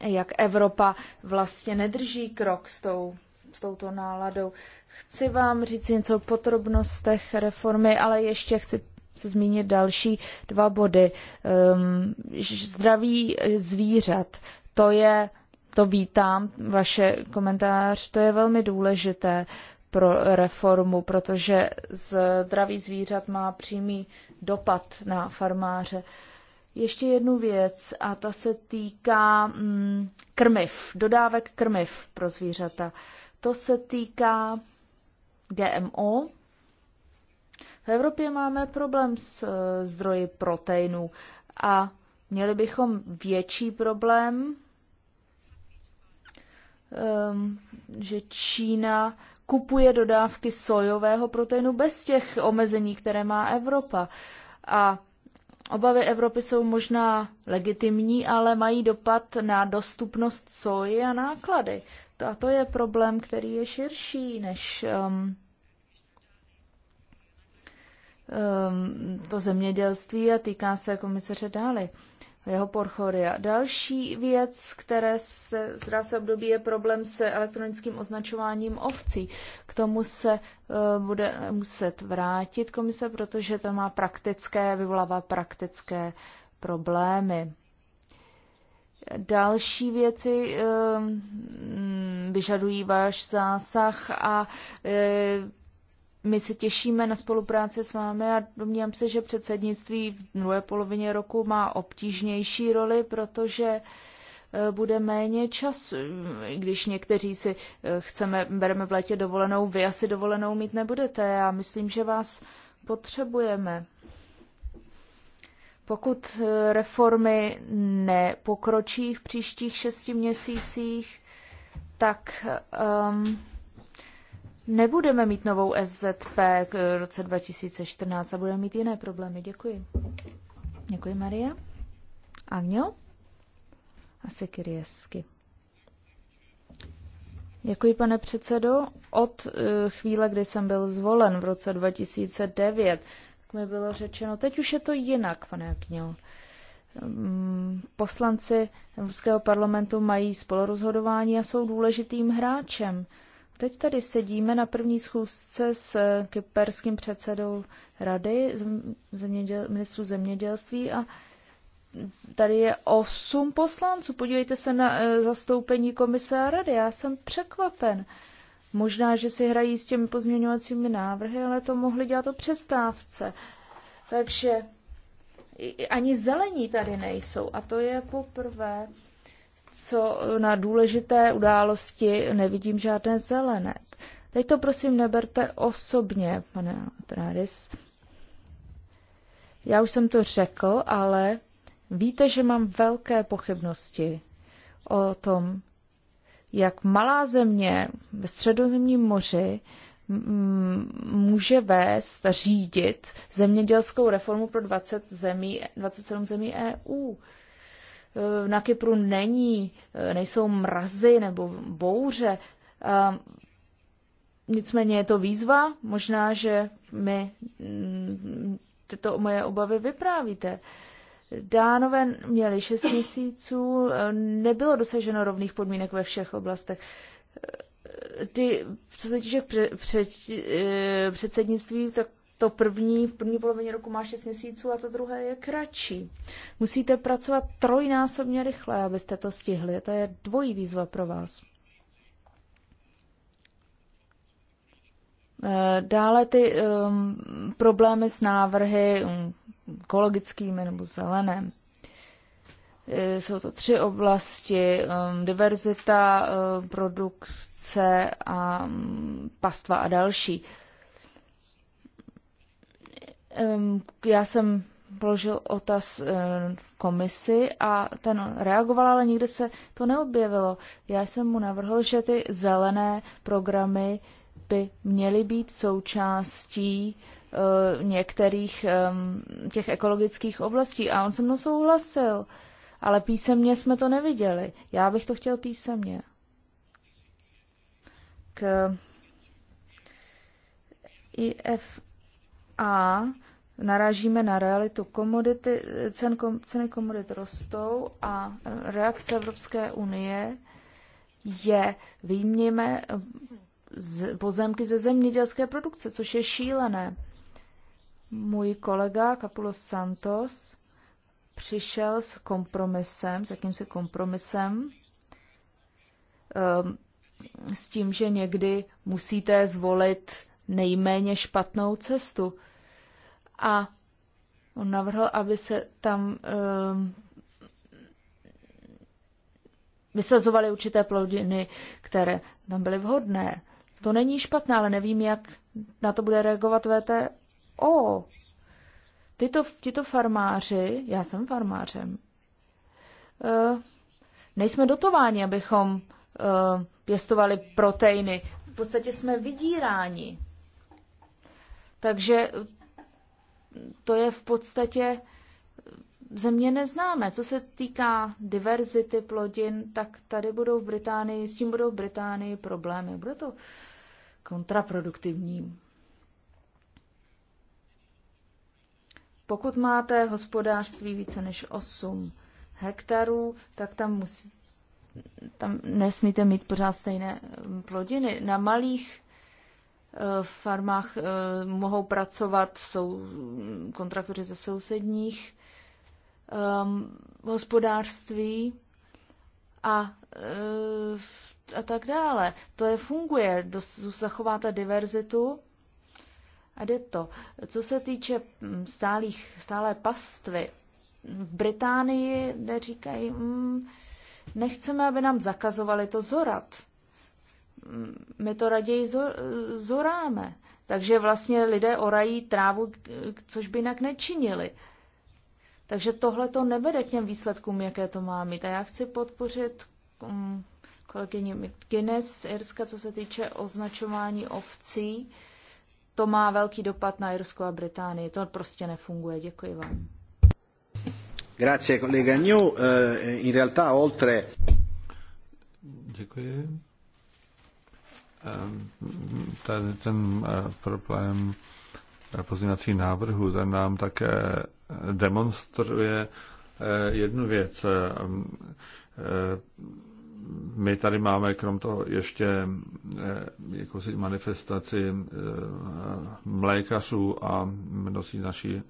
jak Evropa vlastně nedrží krok s, tou, s touto náladou. Chci vám říct něco o podrobnostech reformy, ale ještě chci se zmínit další dva body. Um, zdraví zvířat, to je, to vítám, vaše komentář, to je velmi důležité pro reformu, protože zdraví zvířat má přímý dopad na farmáře. Uh, ještě jednu věc a ta se týká mm, krmiv, dodávek krmiv pro zvířata. To se týká GMO. V Evropě máme problém s e, zdroji proteinů a měli bychom větší problém, e, že Čína kupuje dodávky sojového proteinu bez těch omezení, které má Evropa. A Obavy Evropy jsou možná legitimní, ale mají dopad na dostupnost soji a náklady. A to je problém, který je širší než um, um, to zemědělství a týká se komisaře dále jeho porchoria. Další věc, které se, která se období, je problém se elektronickým označováním ovcí. K tomu se uh, bude muset vrátit komise, protože to má praktické, vyvolává praktické problémy. Další věci eh, mm, vyžadují váš zásah a eh, my se těšíme na spolupráci s vámi a domnívám se, že předsednictví v druhé polovině roku má obtížnější roli, protože eh, bude méně čas, když někteří si eh, chceme, bereme v létě dovolenou, vy asi dovolenou mít nebudete. A myslím, že vás potřebujeme. Pokud eh, reformy nepokročí v příštích šesti měsících, tak um, nebudeme mít novou SZP k roce 2014 a budeme mít jiné problémy. Děkuji. Děkuji, Maria. Agňo? A Sekiriesky. Děkuji, pane předsedo. Od eh, chvíle, kdy jsem byl zvolen v roce 2009, tak mi bylo řečeno, teď už je to jinak, pane Akňo. Mm, poslanci Evropského parlamentu mají spolorozhodování a jsou důležitým hráčem. Teď tady sedíme na první schůzce s kyperským předsedou rady zeměděl, ministru zemědělství a tady je osm poslanců. Podívejte se na eh, zastoupení komise a rady. Já jsem překvapen. Možná, že si hrají s těmi pozměňovacími návrhy, ale to mohli dělat o přestávce. Takže ani zelení tady nejsou. A to je poprvé co na důležité události nevidím žádné zelené. Teď to prosím neberte osobně, pane Traris. Já už jsem to řekl, ale víte, že mám velké pochybnosti o tom, jak malá země ve středozemním moři může vést, řídit zemědělskou reformu pro 20 zemí, 27 zemí EU. Eh, na Kypru není, eh, nejsou mrazy nebo bouře. Ehm, nicméně je to výzva, možná, že mi mm, tyto moje obavy vyprávíte. Dánové měli 6 měsíců, eh, nebylo dosaženo rovných podmínek ve všech oblastech. Ty, co se týče před, před, předsednictví, tak to první v první polovině roku má 6 měsíců a to druhé je kratší. Musíte pracovat trojnásobně rychle, abyste to stihli. To je dvojí výzva pro vás. Eh, dále ty um, problémy s návrhy um, ekologickými nebo zeleném. Eh, jsou to tři oblasti, um, diverzita, um, produkce a um, pastva a další. Uh, já jsem položil otaz eh, komisi a ten reagoval, ale nikdy se to neobjevilo. Já jsem mu navrhl, že ty zelené programy by měly být součástí eh, některých těch ekologických oblastí a on se mnou souhlasil. Ale písemně jsme to neviděli. Já bych to chtěl písemně. K IF a narážíme na realitu. Komodity, cen, kom, ceny komodit rostou a reakce Evropské unie je výměme z, pozemky ze zemědělské produkce, což je šílené. Můj kolega Capulo Santos přišel s kompromisem, s jakýmsi kompromisem, ehm, s tím, že někdy musíte zvolit nejméně špatnou cestu a on navrhl, aby se tam um, vysazovaly určité plodiny, které tam byly vhodné. To není špatné, ale nevím, jak na to bude reagovat VTO. Tyto, tyto farmáři, já jsem farmářem, uh, nejsme dotováni, abychom uh, pěstovali proteiny. V podstatě jsme vydíráni. Takže to je v podstatě země neznáme. Co se týká diverzity plodin, tak tady budou v Británii, s tím budou v Británii problémy. Bude to kontraproduktivní. Pokud máte hospodářství více než 8 hektarů, tak tam musí, tam nesmíte mít pořád stejné plodiny. Na malých farmách eh, mohou pracovat, jsou kontraktoři ze sousedních ehm, hospodářství a, eh, a tak dále. To je funguje, zachová ta diverzitu a jde to. Co se týče hm, stálých, stálé pastvy, v Británii kde říkají, mm, hm, nechceme, aby nám zakazovali to zorat. Mm, my to raději zoráme. Takže vlastně lidé orají trávu, což by jinak nečinili. Takže tohle to nevede k těm výsledkům, jaké to má mít. A já chci podpořit um, mm, kolegyně McGuinness z Irska, co se týče označování ovcí. To má velký dopad na Irsko a Británii. To prostě nefunguje. Děkuji vám.
Grazie, kolega New. Eh, in realtà, oltre...
Děkuji. Eh, tady ten eh, problém eh, pozměňovacích návrhů, ten nám také demonstruje jednu věc. My tady máme krom toho ještě si manifestaci mlékařů a mnozí naši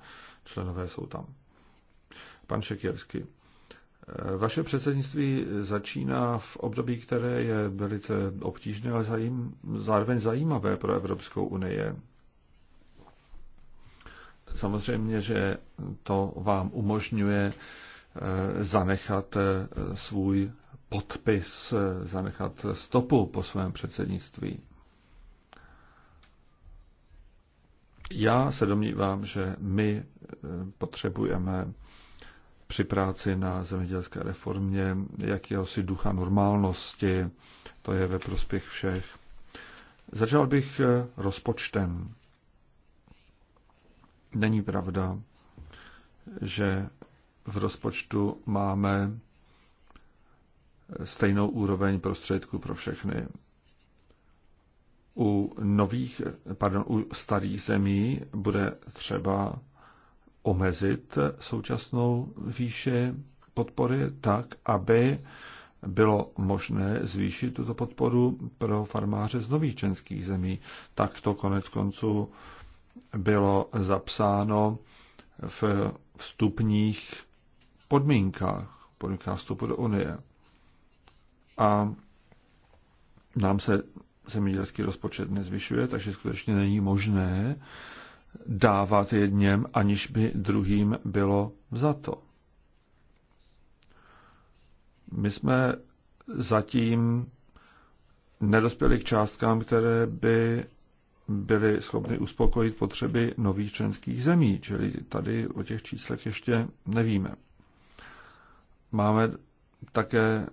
členové jsou tam. Pan Šekierský. Vaše předsednictví začíná v období, které je velice obtížné, ale zajím, zároveň zajímavé pro Evropskou unii. Samozřejmě, že to vám umožňuje eh, zanechat eh, svůj podpis, eh, zanechat stopu po svém předsednictví. Já se domnívám, že my potřebujeme při práci na zemědělské reformě jakéhosi ducha normálnosti. To je ve prospěch všech. Začal bych eh, rozpočtem. Není pravda, že v rozpočtu máme eh, stejnou úroveň prostředků pro všechny. U nových, eh, pardon, u starých zemí bude třeba omezit současnou výši podpory tak, aby bylo možné zvýšit tuto podporu pro farmáře z nových členských zemí. Tak to konec konců bylo zapsáno v vstupních podmínkách, podmínkách vstupu do Unie. A nám se zemědělský rozpočet nezvyšuje, takže skutečně není možné dávat jedněm, aniž by druhým bylo vzato. My jsme zatím nedospěli k částkám, které by byly schopny uspokojit potřeby nových členských zemí, čili tady o těch číslech ještě nevíme. Máme také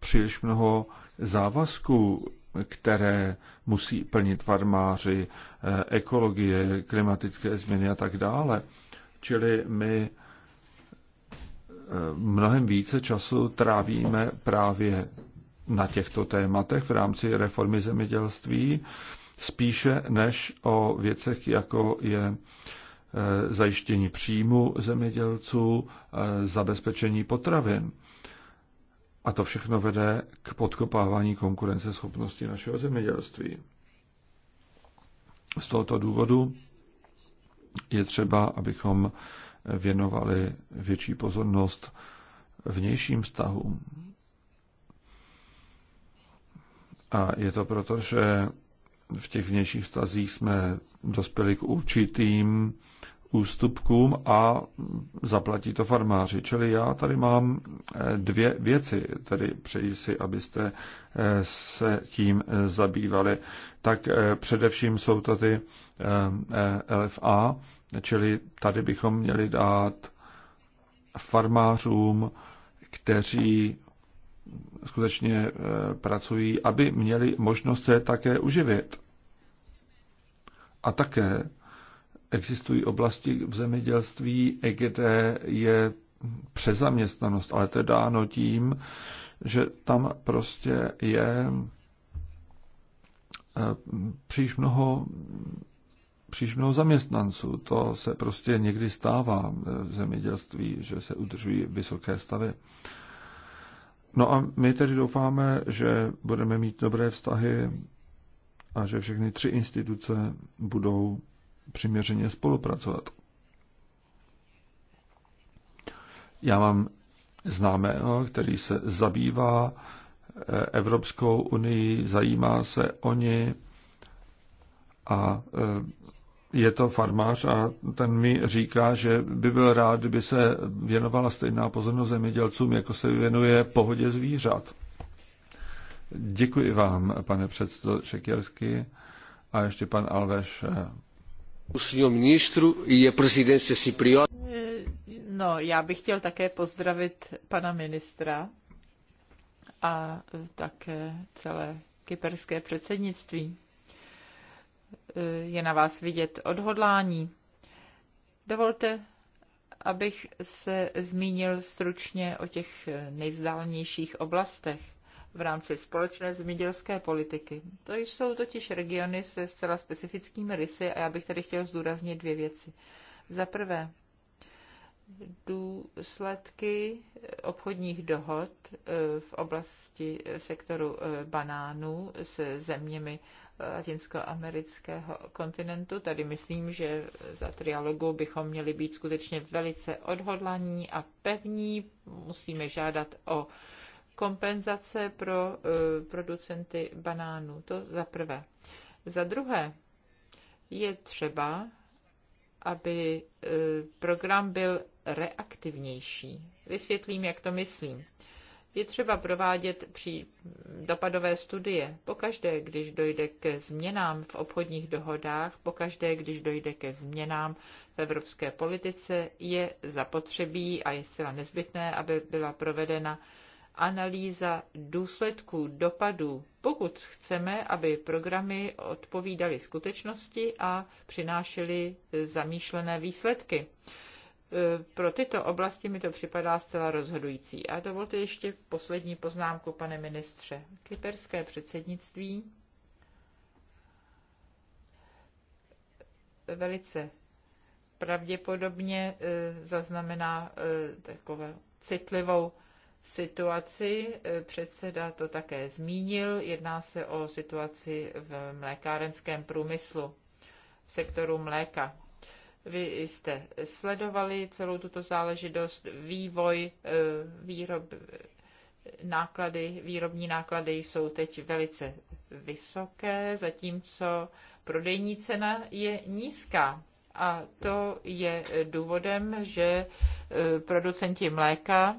příliš mnoho závazků které musí plnit farmáři, eh, ekologie, klimatické změny a tak dále. Čili my eh, mnohem více času trávíme právě na těchto tématech v rámci reformy zemědělství, spíše než o věcech, jako je eh, zajištění příjmu zemědělců, zabezpečení potravin. A to všechno vede k podkopávání konkurenceschopnosti našeho zemědělství. Z tohoto důvodu je třeba, abychom věnovali větší pozornost vnějším vztahům. A je to proto, že v těch vnějších vztazích jsme dospěli k určitým ústupkům a zaplatí to farmáři. Čili já tady mám eh, dvě věci, tedy přeji si, abyste eh, se tím eh, zabývali. Tak především jsou to ty LFA, čili tady bychom měli dát farmářům, kteří skutečně pracují, aby měli možnost se také uživit. A také existují oblasti v zemědělství, kde je přezaměstnanost, ale to je dáno tím, že tam prostě je eh, příliš mnoho, příliš mnoho zaměstnanců. To se prostě někdy stává v zemědělství, že se udržují vysoké stavy. No a my tedy doufáme, že budeme mít dobré vztahy a že všechny tři instituce budou přiměřeně spolupracovat. Já mám známého, který se zabývá eh, Evropskou unii, zajímá se o ní a eh, je to farmář a ten mi říká, že by byl rád, kdyby se věnovala stejná pozornost zemědělcům, jako se věnuje pohodě zvířat. Děkuji vám, pane předsedo Šekěrsky. A ještě pan Alveš eh,
E no, já bych chtěl také pozdravit pana ministra a také celé kyperské předsednictví. Je na vás vidět odhodlání. Dovolte, abych se zmínil stručně o těch nejvzdálenějších oblastech v rámci společné zemědělské politiky. To jsou totiž regiony se zcela specifickými rysy a já bych tady chtěl zdůraznit dvě věci. Za prvé, důsledky obchodních dohod eh, v oblasti eh, sektoru eh, banánů se zeměmi latinskoamerického kontinentu. Tady myslím, že za trialogu bychom měli být skutečně velice odhodlaní a pevní. Musíme žádat o kompenzace pro e, producenty banánů. To za prvé. Za druhé je třeba, aby e, program byl reaktivnější. Vysvětlím, jak to myslím. Je třeba provádět při dopadové studie. Pokaždé, když dojde ke změnám v obchodních dohodách, pokaždé, když dojde ke změnám v evropské politice, je zapotřebí a je zcela nezbytné, aby byla provedena analýza důsledků, dopadů, pokud chceme, aby programy odpovídaly skutečnosti a přinášely eh, zamýšlené výsledky. Eh, pro tyto oblasti mi to připadá zcela rozhodující. A dovolte ještě poslední poznámku, pane ministře. Kyperské předsednictví velice pravděpodobně eh, zaznamená takovou citlivou situaci. Eh, předseda to také zmínil. Jedná se o situaci v mlékárenském průmyslu, v sektoru mléka. Vy jste sledovali celou tuto záležitost, vývoj eh, výrob, náklady, výrobní náklady jsou teď velice vysoké, zatímco prodejní cena je nízká. A to je důvodem, že eh, producenti mléka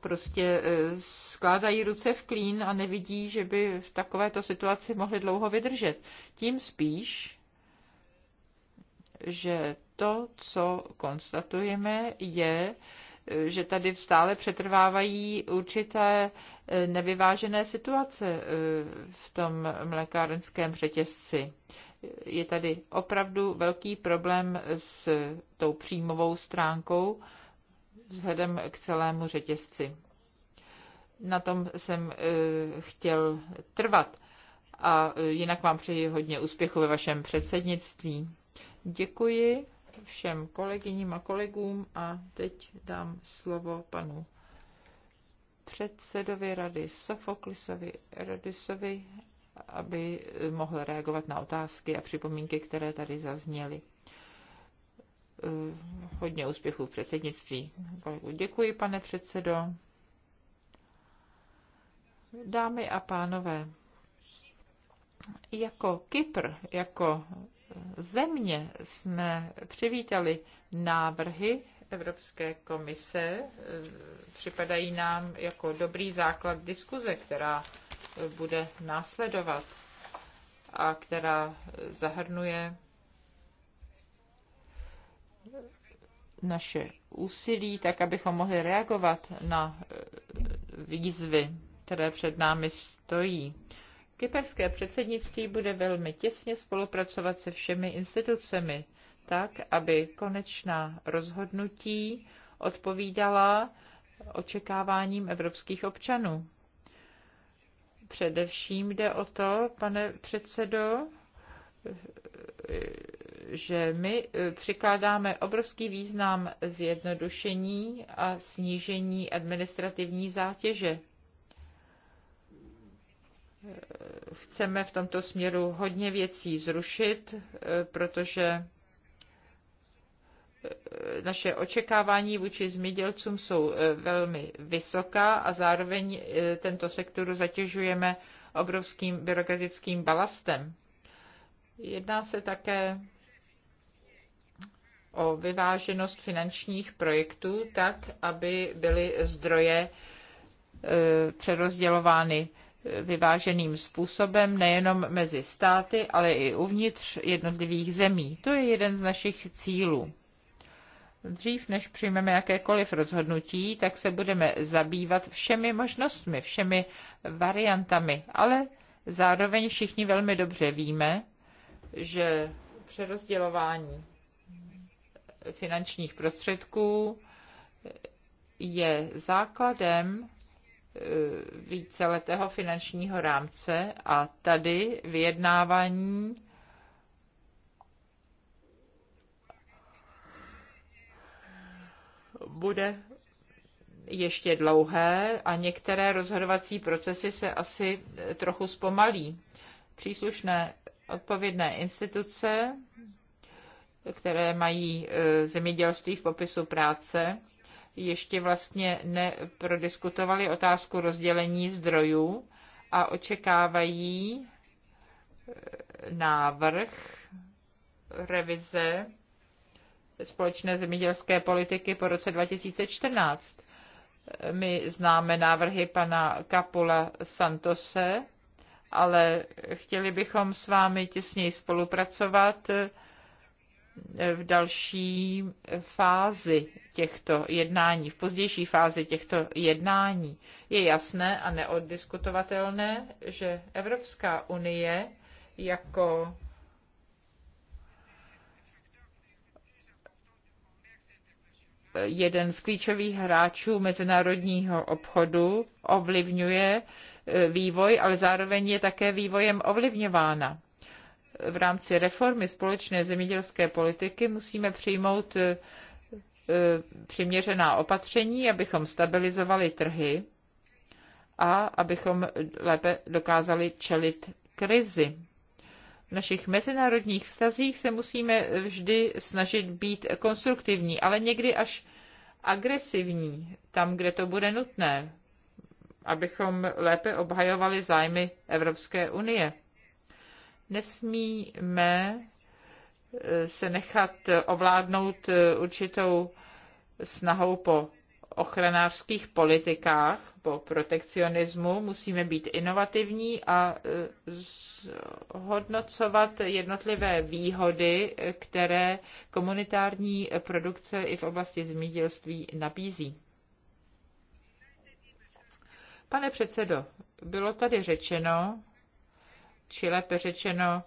prostě e, skládají ruce v klín a nevidí, že by v takovéto situaci mohli dlouho vydržet. Tím spíš, že to, co konstatujeme, je, e, že tady stále přetrvávají určité e, nevyvážené situace v tom mlékárenském řetězci. Je tady opravdu velký problém s tou příjmovou stránkou vzhledem k celému řetězci. Na tom jsem eh, chtěl trvat a eh, jinak vám přeji hodně úspěchu ve vašem předsednictví. Děkuji všem kolegyním a kolegům a teď dám slovo panu předsedovi rady Sofoklisovi Radisovi, aby eh, mohl reagovat na otázky a připomínky, které tady zazněly. Eh, hodně úspěchů v předsednictví. Děkuji, pane předsedo. Dámy a pánové, jako Kypr, jako země jsme přivítali návrhy Evropské komise. Eh, připadají nám jako dobrý základ diskuze, která bude následovat a která zahrnuje naše úsilí, tak abychom mohli reagovat na eh, výzvy, které před námi stojí. Kyperské předsednictví bude velmi těsně spolupracovat se všemi institucemi, tak, aby konečná rozhodnutí odpovídala očekáváním evropských občanů. Především jde o to, pane předsedo, že my eh, přikládáme obrovský význam zjednodušení a snížení administrativní zátěže. Eh, chceme v tomto směru hodně věcí zrušit, eh, protože naše očekávání vůči změdělcům jsou velmi vysoká a zároveň tento sektor zatěžujeme obrovským byrokratickým balastem. Jedná se také o vyváženost finančních projektů tak, aby byly zdroje e, přerozdělovány e, vyváženým způsobem nejenom mezi státy, ale i uvnitř jednotlivých zemí. To je jeden z našich cílů. Dřív, než přijmeme jakékoliv rozhodnutí, tak se budeme zabývat všemi možnostmi, všemi variantami, ale zároveň všichni velmi dobře víme, že přerozdělování finančních prostředků je základem eh, víceletého finančního rámce a tady vyjednávání bude ještě dlouhé a některé rozhodovací procesy se asi eh, trochu zpomalí. Příslušné odpovědné instituce které mají e, zemědělství v popisu práce, ještě vlastně neprodiskutovali otázku rozdělení zdrojů a očekávají e, návrh revize společné zemědělské politiky po roce 2014. My známe návrhy pana Kapula Santose, ale chtěli bychom s vámi těsněji spolupracovat v další fázi těchto jednání, v pozdější fázi těchto jednání. Je jasné a neoddiskutovatelné, že Evropská unie jako jeden z klíčových hráčů mezinárodního obchodu ovlivňuje eh, vývoj, ale zároveň je také vývojem ovlivňována v rámci reformy společné zemědělské politiky musíme přijmout eh, přiměřená opatření, abychom stabilizovali trhy a abychom lépe dokázali čelit krizi. V našich mezinárodních vztazích se musíme vždy snažit být konstruktivní, ale někdy až agresivní, tam, kde to bude nutné, abychom lépe obhajovali zájmy Evropské unie. Nesmíme eh, se nechat ovládnout eh, určitou snahou po ochranářských politikách, po protekcionismu, musíme být inovativní a eh, hodnocovat jednotlivé výhody, které komunitární produkce i v oblasti zemědělství nabízí. Pane předsedo, bylo tady řečeno, či lépe řečeno,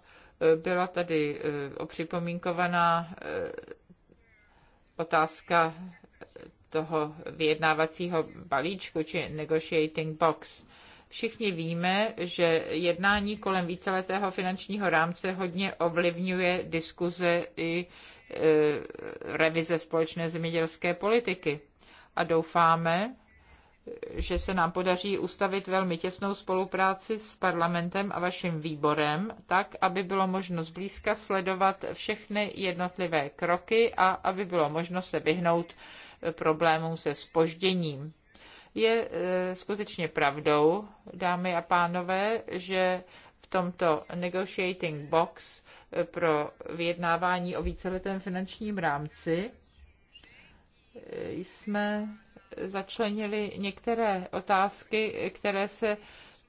e, byla tady e, opřipomínkovaná e, otázka toho vyjednávacího balíčku či negotiating box. Všichni víme, že jednání kolem víceletého finančního rámce hodně ovlivňuje diskuze i revize společné zemědělské politiky. A doufáme, že se nám podaří ustavit velmi těsnou spolupráci s parlamentem a vaším výborem, tak, aby bylo možno zblízka sledovat všechny jednotlivé kroky a aby bylo možno se vyhnout problémům se spožděním. Je e, skutečně pravdou, dámy a pánové, že v tomto negotiating box e, pro vyjednávání o víceletém finančním rámci e, jsme začlenili některé otázky, které se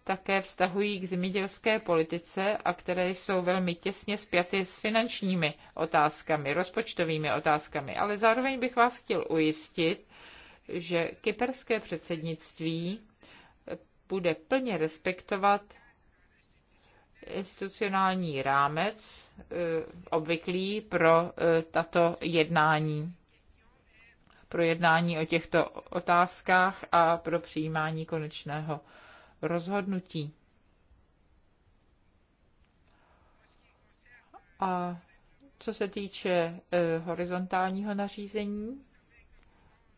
také vztahují k zemědělské politice a které jsou velmi těsně spjaty s finančními otázkami, rozpočtovými otázkami. Ale zároveň bych vás chtěl ujistit, že kyperské předsednictví bude plně respektovat institucionální rámec eh, obvyklý pro eh, tato jednání pro jednání o těchto otázkách a pro přijímání konečného rozhodnutí. A co se týče eh, horizontálního nařízení,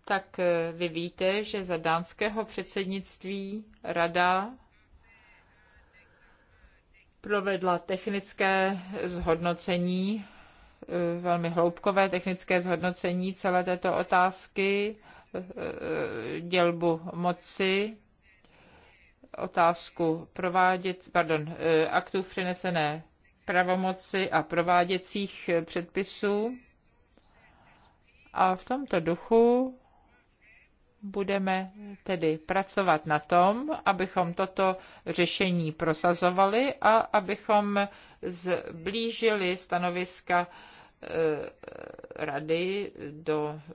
tak eh, vy víte, že za dánského předsednictví rada provedla technické zhodnocení Eh, velmi hloubkové technické zhodnocení celé této otázky, eh, dělbu moci, otázku provádět, pardon, eh, aktů v přenesené pravomoci a prováděcích předpisů. A v tomto duchu budeme tedy pracovat na tom, abychom toto řešení prosazovali a abychom zblížili stanoviska Eh, rady do eh,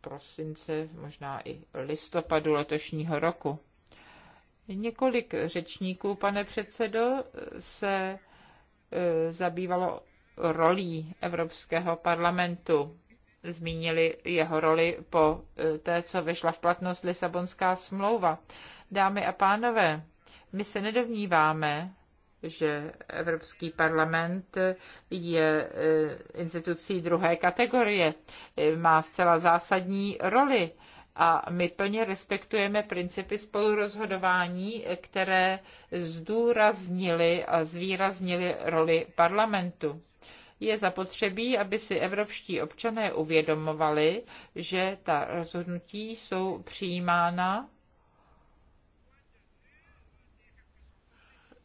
prosince, možná i listopadu letošního roku. Několik řečníků, pane předsedo, se eh, zabývalo rolí Evropského parlamentu. Zmínili jeho roli po té, co vyšla v platnost Lisabonská smlouva. Dámy a pánové, my se nedovníváme, že Evropský parlament je eh, institucí druhé kategorie, má zcela zásadní roli a my plně respektujeme principy spolurozhodování, které zdůraznily a zvýraznili roli parlamentu. Je zapotřebí, aby si evropští občané uvědomovali, že ta rozhodnutí jsou přijímána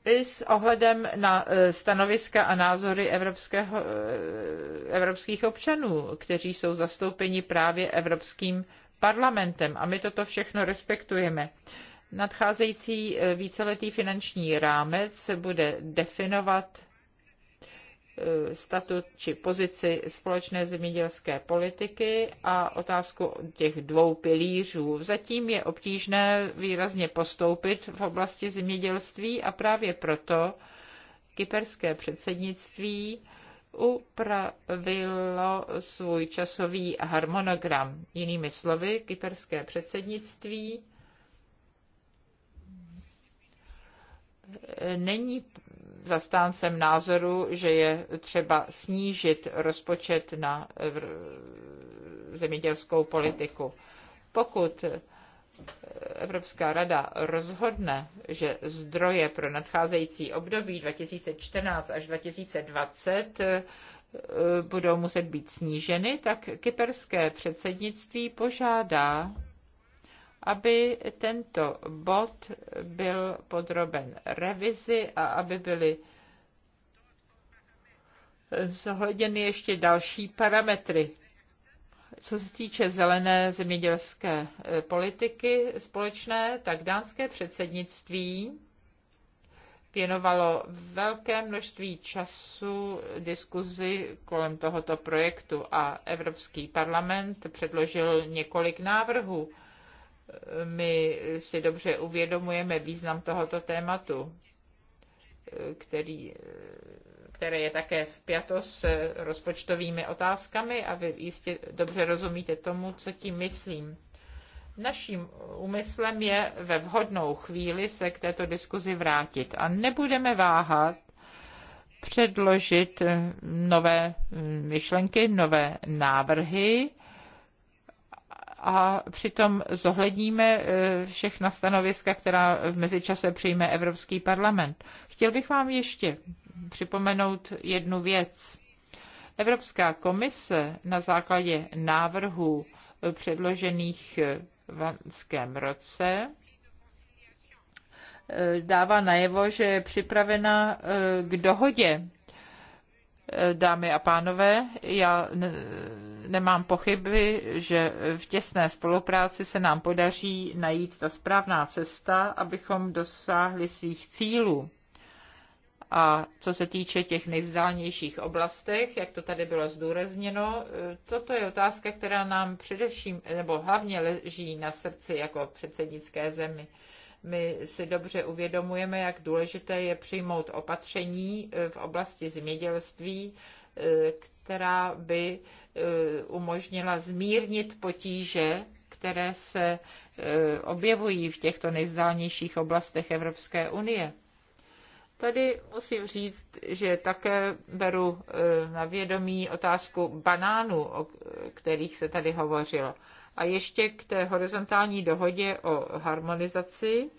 i s ohledem na e, stanoviska a názory evropského, e, evropských občanů, kteří jsou zastoupeni právě Evropským parlamentem. A my toto všechno respektujeme. Nadcházející e, víceletý finanční rámec bude definovat Eh, statut či pozici společné zemědělské politiky a otázku těch dvou pilířů. Zatím je obtížné výrazně postoupit v oblasti zemědělství a právě proto kyperské předsednictví upravilo svůj časový harmonogram. Jinými slovy, kyperské předsednictví není zastáncem názoru, že je třeba snížit rozpočet na eh, zemědělskou politiku. Pokud eh, Evropská rada rozhodne, že zdroje pro nadcházející období 2014 až 2020 eh, budou muset být sníženy, tak kyperské předsednictví požádá aby tento bod byl podroben revizi a aby byly zohledněny ještě další parametry. Co se týče zelené zemědělské eh, politiky společné, tak dánské předsednictví věnovalo velké množství času diskuzi kolem tohoto projektu a Evropský parlament předložil několik návrhů my si dobře uvědomujeme význam tohoto tématu, který, které je také spjato s rozpočtovými otázkami a vy jistě dobře rozumíte tomu, co tím myslím. Naším úmyslem je ve vhodnou chvíli se k této diskuzi vrátit a nebudeme váhat předložit nové myšlenky, nové návrhy, a přitom zohledníme eh, všechna stanoviska, která v mezičase přijme Evropský parlament. Chtěl bych vám ještě připomenout jednu věc. Evropská komise na základě návrhů eh, předložených eh, v vanském roce dává najevo, že je připravena k dohodě. Dámy a pánové, já nemám pochyby, že v těsné spolupráci se nám podaří najít ta správná cesta, abychom dosáhli svých cílů. A co se týče těch nejvzdálnějších oblastech, jak to tady bylo zdůrazněno, toto je otázka, která nám především, nebo hlavně leží na srdci jako předsednické zemi. My si dobře uvědomujeme, jak důležité je přijmout opatření v oblasti zemědělství, která by e, umožnila zmírnit potíže, které se e, objevují v těchto nejvzdálnějších oblastech Evropské unie. Tady musím říct, že také beru e, na vědomí otázku banánů, o kterých se tady hovořilo. A ještě k té horizontální dohodě o harmonizaci.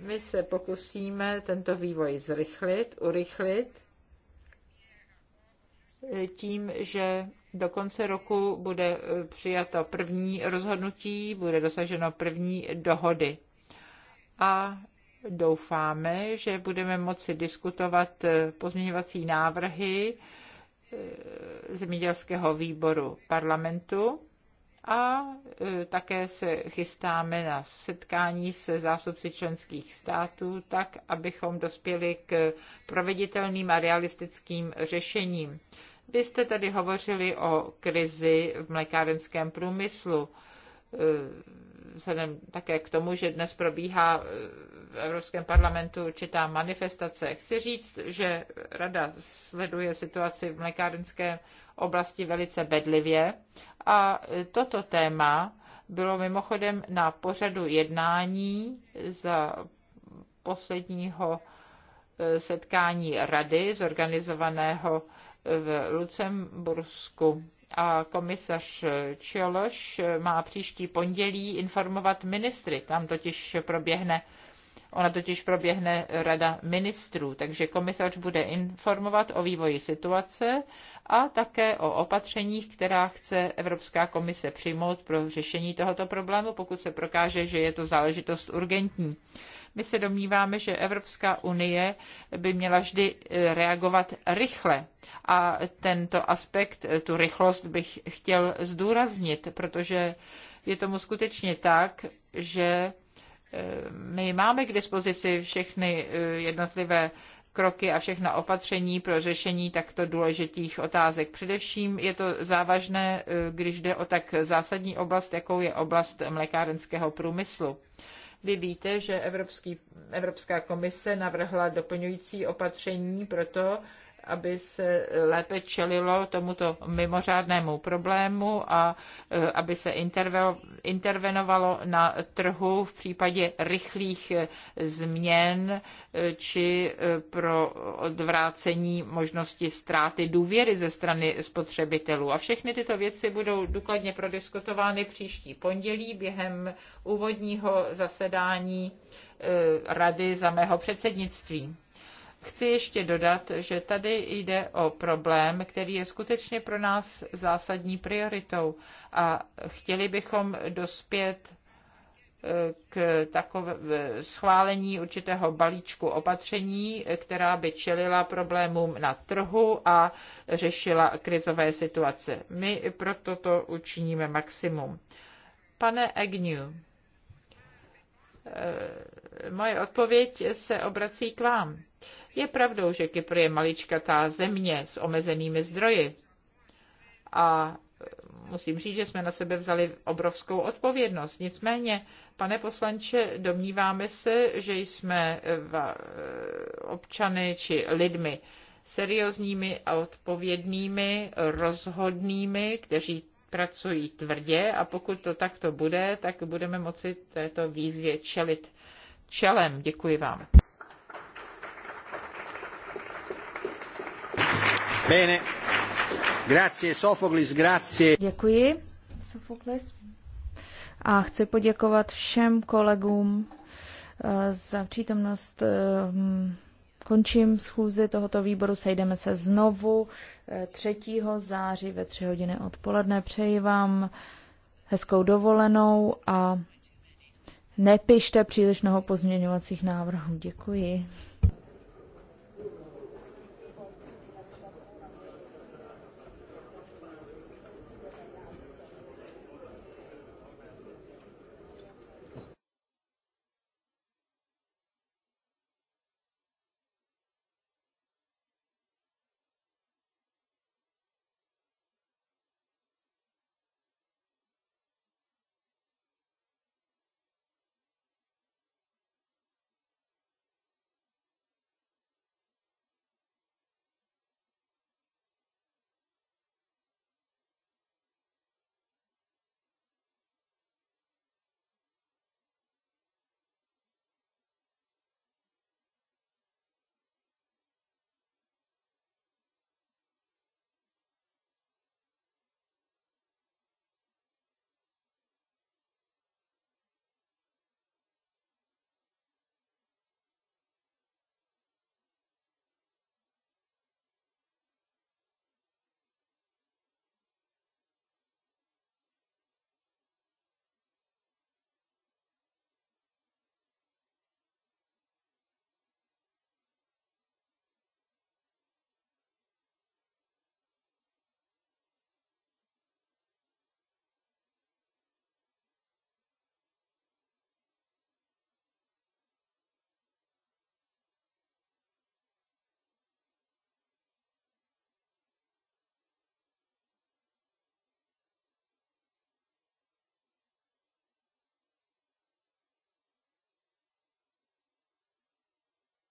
My se pokusíme tento vývoj zrychlit, urychlit tím, že do konce roku bude e, přijato první rozhodnutí, bude dosaženo první dohody. A doufáme, že budeme moci diskutovat e, pozměňovací návrhy e, zemědělského výboru parlamentu a také se chystáme na setkání se zástupci členských států, tak abychom dospěli k proveditelným a realistickým řešením. Vy jste tady hovořili o krizi v mlékárenském průmyslu eh, vzhledem také k tomu, že dnes probíhá eh, v Evropském parlamentu určitá manifestace. Chci říct, že Rada sleduje situaci v mlékárenské oblasti velice bedlivě a eh, toto téma bylo mimochodem na pořadu jednání za posledního setkání Rady zorganizovaného v Lucembursku a komisař Čeloš má příští pondělí informovat ministry. Tam totiž proběhne Ona totiž proběhne rada ministrů, takže komisař bude informovat o vývoji situace a také o opatřeních, která chce Evropská komise přijmout pro řešení tohoto problému, pokud se prokáže, že je to záležitost urgentní. My se domníváme, že Evropská unie by měla vždy eh, reagovat rychle. A tento aspekt, eh, tu rychlost bych chtěl zdůraznit, protože je tomu skutečně tak, že eh, my máme k dispozici všechny jednotlivé kroky a všechna opatření pro řešení takto důležitých otázek. Především je to závažné, když jde o tak zásadní oblast, jakou je oblast mlékárenského průmyslu. Vy víte, že Evropský, Evropská komise navrhla doplňující opatření pro to, aby se lépe čelilo tomuto mimořádnému problému a eh, aby se intervenovalo na trhu v případě rychlých eh, změn eh, či pro odvrácení možnosti ztráty důvěry ze strany spotřebitelů. A všechny tyto věci budou důkladně prodiskutovány příští pondělí během úvodního zasedání Rady za mého předsednictví. Chci ještě dodat, že tady jde o problém, který je skutečně pro nás zásadní prioritou a chtěli bychom dospět eh, k takové eh, schválení určitého balíčku opatření, eh, která by čelila problémům na trhu a řešila krizové situace. My proto to učiníme maximum. Pane Agnew, moje odpověď se obrací k vám. Je pravdou, že Kypr je maličkatá země s omezenými zdroji. A musím říct, že jsme na sebe vzali obrovskou odpovědnost. Nicméně, pane poslanče, domníváme se, že jsme eh, eh, občany či lidmi seriózními a odpovědnými, rozhodnými, kteří pracují tvrdě a pokud to takto bude, tak budeme moci této výzvě čelit čelem. Děkuji vám. Bene.
Grazie,
Sofoklis, grazie.
Děkuji, A chci poděkovat všem kolegům eh, za přítomnost. Eh, končím schůzi tohoto výboru, sejdeme se znovu 3. Eh, září ve 3 hodiny odpoledne. Přeji vám hezkou dovolenou a nepište příliš mnoho pozměňovacích návrhů. Děkuji.